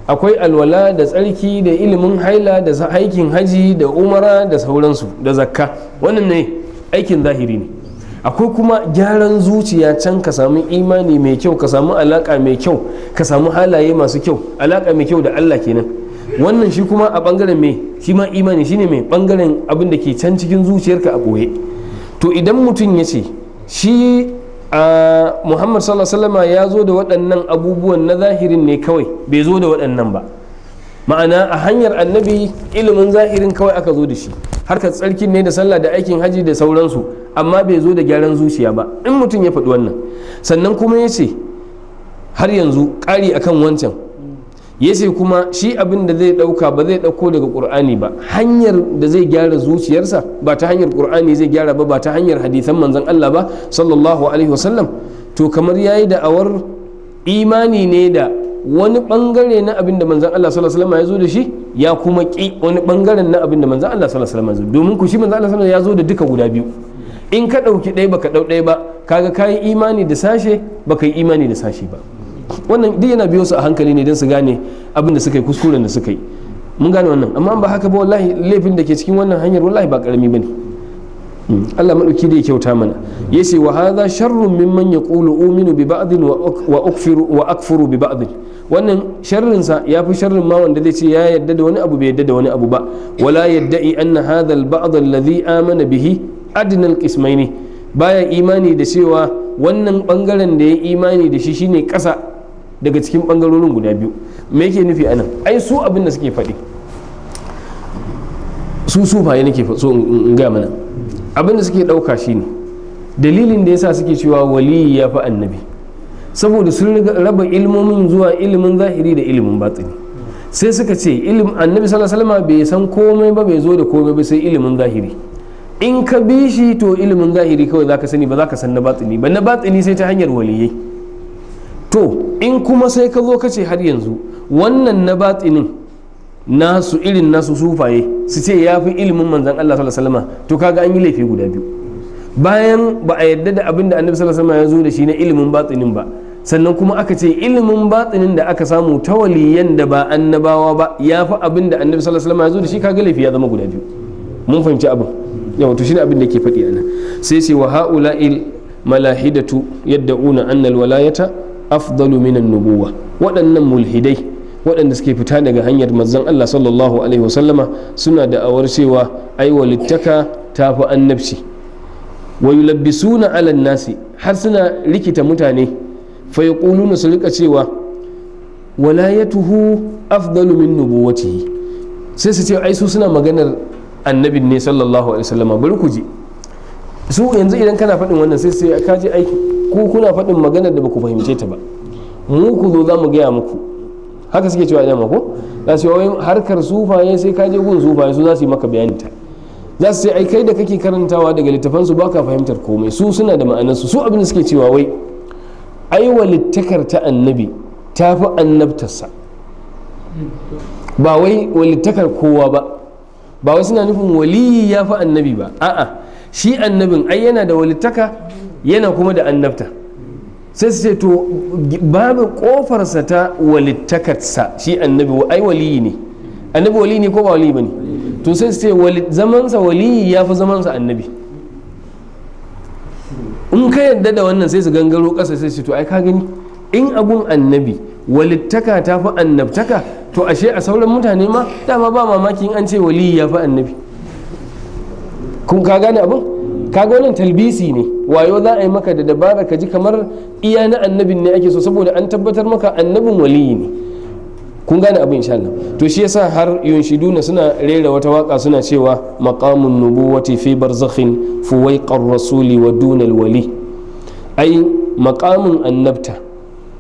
akwai alwala da tsarki da ilimin haila da aikin haji da umara da sauransu da zakka wannan ne aikin zahiri ne akwai kuma gyaran zuciya can ka samu imani mai kyau ka samu alaka mai kyau ka samu halaye masu kyau alaka mai kyau da Allah kenan wannan shi kuma a bangaren mai shi ma imani shine mai bangaren abin da ke can cikin zuciyarka a ɓoye to idan mutum ya ce shi a muhammad sallallahu alaihi ya zo da waɗannan abubuwan na zahirin ne kawai bai zo da waɗannan ba ma'ana a hanyar annabi ilimin zahirin kawai aka zo da shi harkar tsarkin ne da sallah da aikin haji da sauransu amma bai zo da gyaran zuciya ba in mutum ya faɗi wannan sannan kuma ya ce har yanzu ƙari akan wancan ya ce kuma shi abin da zai ɗauka ba zai ɗauko daga ƙur'ani ba hanyar da zai gyara zuciyarsa ba ta hanyar ƙur'ani zai gyara ba ba ta hanyar hadisan manzon Allah ba sallallahu alaihi wasallam to kamar yayi da'awar imani ne da wani bangare na abin da manzan Allah sallallahu alaihi wasallam ya zo da shi ya kuma ki wani bangaren na abin da manzan Allah sallallahu alaihi wasallam ya zo domin ku shi manzan Allah sallallahu alaihi wasallam ya zo da duka guda biyu in ka dauki ɗaya baka dau ɗaya ba kaga kai imani da sashe baka yi imani da sashe ba wannan duk yana biyo su a hankali ne don su gane abin da suka yi kuskuren da suka yi mun gane wannan amma ba haka ba wallahi laifin da ke cikin wannan hanyar wallahi ba karami bane Allah maɗauki da ya kyauta mana ya ce wa haza sharrun mimman ƙulu uminu bi ba'adin wa akfuru bi ba'adin wannan sharrinsa ya fi sharrin ma wanda zai ce ya yadda da wani abu bai yadda da wani abu ba wala yadda'i anna hadha al-ba'd alladhi amana bihi adna al baya imani da cewa wannan bangaren da ya imani da shi shine kasa daga cikin bangarorin guda biyu me yake nufi anan ai su abin da suke faɗi su sufaye nake so in ga mana abin da suke ɗauka shine dalilin da yasa suke cewa waliyi ya fi annabi saboda sun raba ilmomin zuwa ilimin zahiri da ilimin batini sai suka ce annabi sallallahu bai san komai ba bai zo da komai ba sai ilimin zahiri in ka bi shi to ilimin zahiri kawai zaka sani ba ka san na batini ba na batini sai ta hanyar waliyai to in kuma sai ka zo ka ce har yanzu wannan na batsinin. nasu irin nasu sufaye su ce ya fi ilimin manzan Allah sallallahu alaihi wasallam to kaga an yi laifi guda biyu bayan ba a yarda da abin da annabi sallallahu alaihi wasallam ya zo da shi na ilimin batsinin ba sannan kuma aka ce ilimin batsinin da aka samu ta waliyan da ba annabawa ba ya fi abin da annabi sallallahu alaihi wasallam ya zo da shi kaga laifi ya zama guda biyu mun fahimci abin yawa to shine abin da ke faɗi anan sai sai wa il malahidatu una anna alwalayata afdalu min an-nubuwah waɗannan mulhidai waɗanda suke fita daga hanyar manzon Allah sallallahu alaihi wasallama suna da'awar cewa ai walittaka ta fi annabci labbi suna ala nasi har suna rikita mutane fa yaquluna su rika cewa walayatuhu afdalu min nubuwatihi sai su ce ai su suna maganar annabin ne sallallahu alaihi wasallama bari ku ji su yanzu idan kana faɗin wannan sai sai ka ji ai ko kuna faɗin maganar da ba ku fahimce ta ba mu ku zo za mu gaya muku haka suke cewa dama ko za su yi harkar sufaye sai ka je gun sufaye su za su yi maka bayani ta za su sai ai kai da kake karantawa daga littafan su baka fahimtar komai su suna da ma'anar su abin da suke cewa wai ai littakar ta annabi ta fi annabtarsa ba wai littakar kowa ba ba wai suna nufin waliyi ya fi annabi ba a'a shi annabin ai yana da walittaka yana kuma da annabta sai su ce to babu kofarsa ta walittakarsa shi annabi wa ai waliyi ne annabi waliyi ne ko ba waliyi bane to sai su ce zamansa waliyi ya fi zamansa annabi in ka yadda da wannan sai su gangaro kasa sai su to ai ka gani in abun annabi walittaka ta fi annabtaka to ashe a sauran mutane ma dama ba mamaki in an ce waliyi ya fi annabi kun ka gane abin kaga wannan talbisi ne wayo za a yi maka da dabara ka ji kamar iya na annabin ne ake so saboda an tabbatar maka annabin waliyi ne kun gane abin insha Allah to shi yasa har yunshiduna suna rera wata waka suna cewa maqamun nubuwati fi barzakhin fuwaiqar rasuli wa dunal wali ai maqamun annabta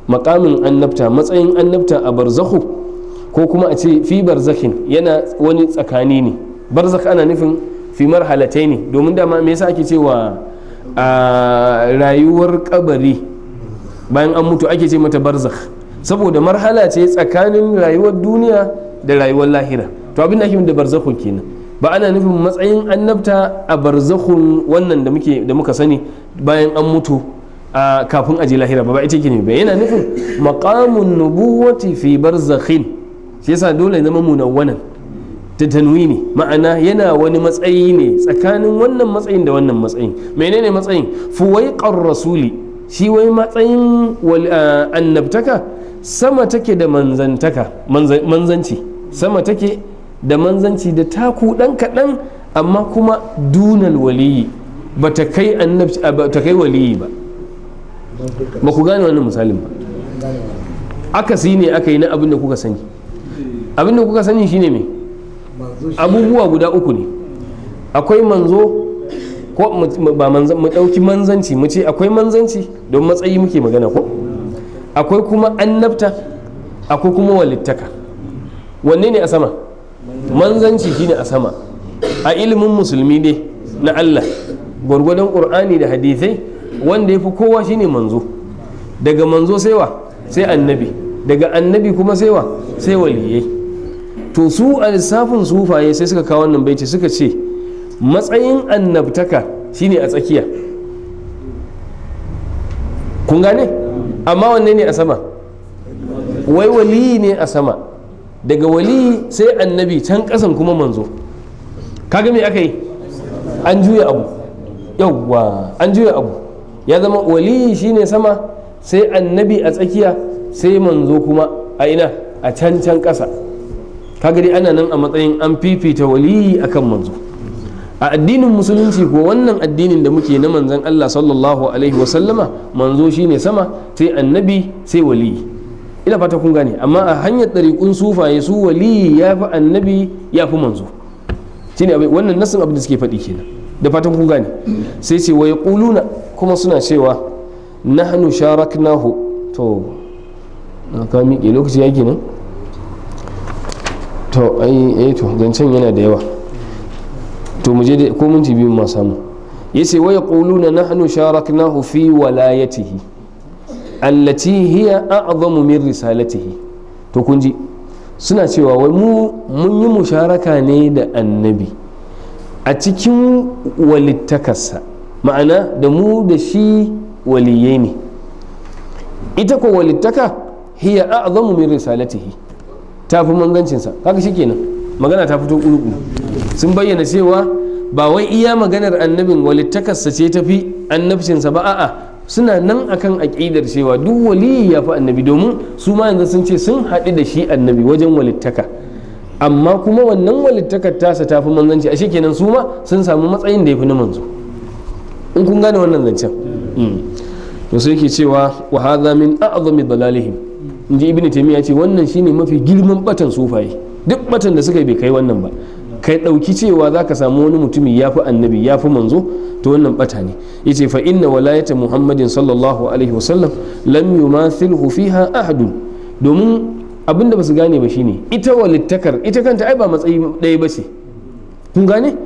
maqamun annabta matsayin annabta a barzakhu ko kuma a ce fi barzakhin yana wani tsakani ne barzakh ana nufin fi marhalatai ne domin dama me yasa ake cewa a rayuwar kabari bayan an mutu ake ce mata barzakh saboda marhala ce tsakanin rayuwar duniya da rayuwar lahira to abin da ake da barzakhun kenan ba ana nufin matsayin annabta a barzakhun wannan da muke da muka sani bayan an mutu a kafin aje lahira ba ba ita ne ba yana nufin maqamun nubuwati fi barzakhin shi yasa dole zama munawwanan da tanwini ma'ana yana wani matsayi ne tsakanin wannan matsayin da wannan matsayin menene matsayin fuwaiqar rasuli shi wai matsayin annabtaka sama take da manzantaka manzanci sama take da manzanci da taku ɗan kaɗan amma kuma dunal waliyi ba ta kai waliyi ba ba ku gane wannan misalin ba akasi ne aka yi na abin da kuka sani abin da kuka sani shine me abubuwa guda uku ne akwai manzo ko ba manzan mu ɗauki manzanci mu ce akwai manzanci don matsayi muke magana ko akwai kuma annabta akwai kuma walittaka wanne ne a sama manzanci shine a sama a ilimin musulmi ne na Allah gwargwadon ƙur'ani da hadithai wanda ya fi kowa shine manzo daga manzo sai sai annabi daga annabi kuma sai wa sai waliyai to su a lissafin sufaye sai suka kawo wannan baiti suka ce matsayin annabtaka shine a tsakiya kun gane amma wanne ne a sama wai wali ne a sama daga wali sai annabi can kasan kuma manzo kaga me aka yi an juya abu yauwa an juya abu ya zama wali shine sama sai annabi a tsakiya sai manzo kuma a ina a can can kasa Ka dai ana nan a matsayin an fifita waliyi akan manzo a addinin musulunci ko wannan addinin da muke na manzon Allah sallallahu alaihi wa sallama manzo shine sama sai annabi sai waliyi ina fata kun gane amma a hanyar ɗariƙun sufaye su waliyi ya fi annabi ya fi manzo shine wannan nasin abin da suke faɗi kenan da fatan kun gane sai ce wa yaquluna kuma suna cewa nahnu sharaknahu to ka miƙe lokaci yake nan to ai eh to zancen yana da yawa to mu je da ko minti biyu ma samu yace wa yaquluna nahnu sharaknahu fi walayatihi allati hiya a'zamu min risalatihi to kun ji suna cewa wai mu mun yi musharaka ne da annabi a cikin walittakarsa ma'ana da mu da shi waliyai ne ita ko walittaka hiya a'zamu min risalatihi ta fi manzancinsa kaga shikenan magana ta fito ƙuruƙu sun bayyana cewa ba wai iya maganar annabin walittakarsa ce ta fi annabcinsa ba a'a suna nan akan aƙidar cewa duk wali ya fi annabi domin su ma yanzu sun ce sun haɗu da shi annabi wajen walittaka amma kuma wannan walittakar tasa ta fi manzanci a kenan su ma sun samu matsayin da ya fi na manzo in kun gane wannan zancen hmm. to yake cewa wa hadha min a'zami dalalihim in ji ibn taymiya ce wannan shine mafi girman batan sufaye duk batan da suka yi bai kai wannan ba kai dauki cewa za ka samu wani mutumi ya fi annabi ya fi manzo to wannan bata ne ya ce fa'inna walayata muhammadin sallallahu alaihi wasallam lam yumathilhu fiha ahadun domin abin da ba su gane ba shine ita walittakar ita kanta ai ba matsayi ɗaya ba ce kun gane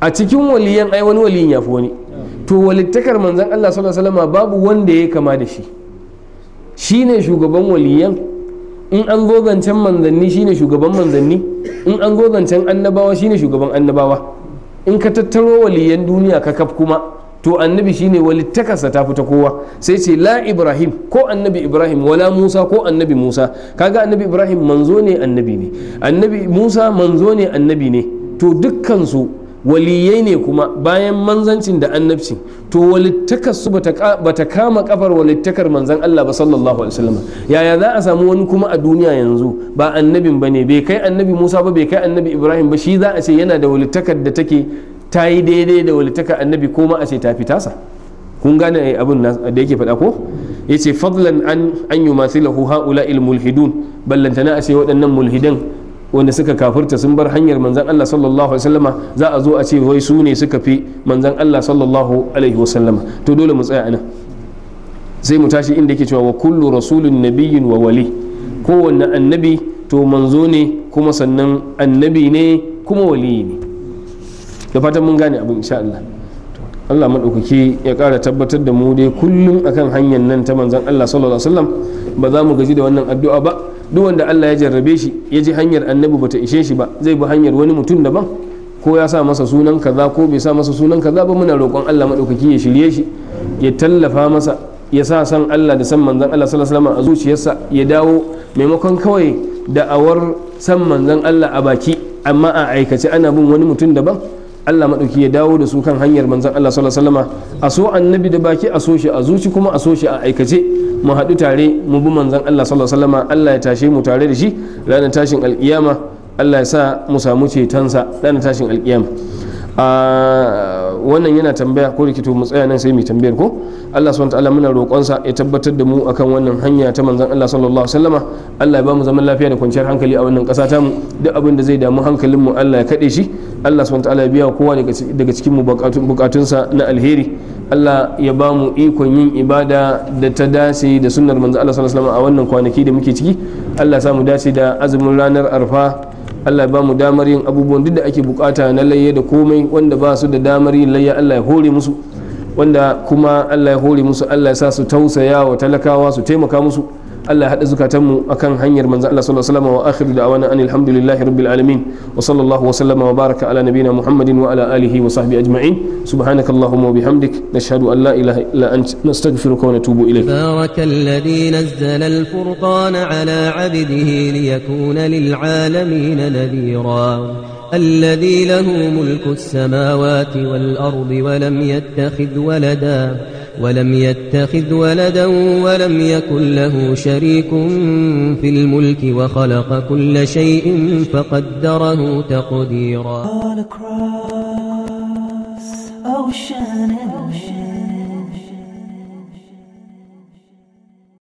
a cikin waliyan ai wani waliyin ya fi wani to walittakar manzon allah sallallahu alaihi wasallam babu wanda ya kama da shi shine shugaban waliyan in an zo zancen manzanni shine shugaban manzanni in an zo zancen annabawa shine shugaban annabawa in ka tattaro waliyan duniya ka kaf kuma to annabi shine walittakarsa ta fita kowa sai ce la ibrahim ko annabi ibrahim wala musa ko annabi musa kaga annabi ibrahim manzo ne annabi ne annabi musa manzo ne annabi ne to dukkansu waliyai ne kuma bayan manzancin da annabci to walittakar su bata kama kafar walittakar manzan Allah ba sallallahu alaihi wasallam yaya za a samu wani kuma a duniya yanzu ba annabin ba ne bai kai annabi Musa ba bai kai annabi Ibrahim ba shi za a ce yana da walittakar da take ta yi daidai da walittakar annabi ko ma a ce ta fi tasa kun gane eh, abin da yake faɗa ko yace fadlan an an yumathilahu haula al mulhidun ballantana a ce waɗannan mulhidan wanda suka kafirta sun bar hanyar manzan Allah sallallahu alaihi wasallama za a zo a ce wai su ne suka fi manzan Allah sallallahu alaihi wasallama to dole mu tsaya anan sai mu tashi inda yake cewa wa kullu rasulun nabiyyin wa wali kowanne annabi to manzo ne kuma sannan annabi ne kuma wali ne da fatan mun gane abin insha Allah Allah maɗaukaki ya ƙara tabbatar da mu dai kullum akan hanyar nan ta manzan Allah sallallahu alaihi wasallam ba za mu gaji da wannan addu'a ba duk wanda Allah ya jarrabe shi ya ji hanyar annabi bata ishe shi ba zai bi hanyar wani mutum daban ko ya sa masa sunan kaza ko bai sa masa sunan kaza ba muna roƙon Allah madaukaki ya shirye shi ya tallafa masa ya sa san Allah da san manzon Allah sallallahu alaihi wasallam a zuciyarsa ya dawo maimakon kawai da'awar san manzon Allah a baki amma a aikace ana bin wani mutum daban Allah maɗauki ya dawo da su kan hanyar manzan Allah sallallahu alaihi wasallama a so annabi da baki a so shi a zuci kuma a so shi a aikace mu haɗu tare mu bi manzan Allah sallallahu alaihi wasallama Allah ya tashe mu tare da shi ranar tashin alkiyama Allah ya sa mu samu cetonsa ranar tashin alkiyama wannan yana tambaya ko rikito mu tsaya nan sai mu tambayar ko Allah subhanahu wataala muna roƙonsa ya tabbatar da mu akan wannan hanya ta manzon Allah sallallahu alaihi wasallama Allah ya ba mu zaman lafiya da kwanciyar hankali a wannan ƙasa ta mu duk abin da zai damu hankalin mu Allah ya kade shi Allah subhanahu wataala ya biya kowa daga cikin mu bukatunsa na alheri Allah ya ba mu ikon yin ibada da ta dace da sunnar manzon Allah sallallahu alaihi wasallama a wannan kwanaki da muke ciki Allah ya sa mu dace da azumin ranar arfa Allah ba mu damar yin abubuwan duk da ake bukata na layya da komai wanda ba su da damar yin layya Allah ya hore musu wanda kuma Allah ya hore musu Allah ya sa su tausaya wa talakawa su taimaka musu الله هذا زكاة مو أكان هنير من زال صلى الله وسلم وآخر دعوانا أن الحمد لله رب العالمين وصلى الله وسلم وبارك على نبينا محمد وعلى آله وصحبه أجمعين سبحانك اللهم وبحمدك نشهد أن لا إله إلا أنت نستغفرك ونتوب إليك بارك الذي نزل الفرقان على عبده ليكون للعالمين نذيرا الذي له ملك السماوات والأرض ولم يتخذ ولداً ولم يتخذ ولدا ولم يكن له شريك في الملك وخلق كل شيء فقدره تقديرا All across ocean and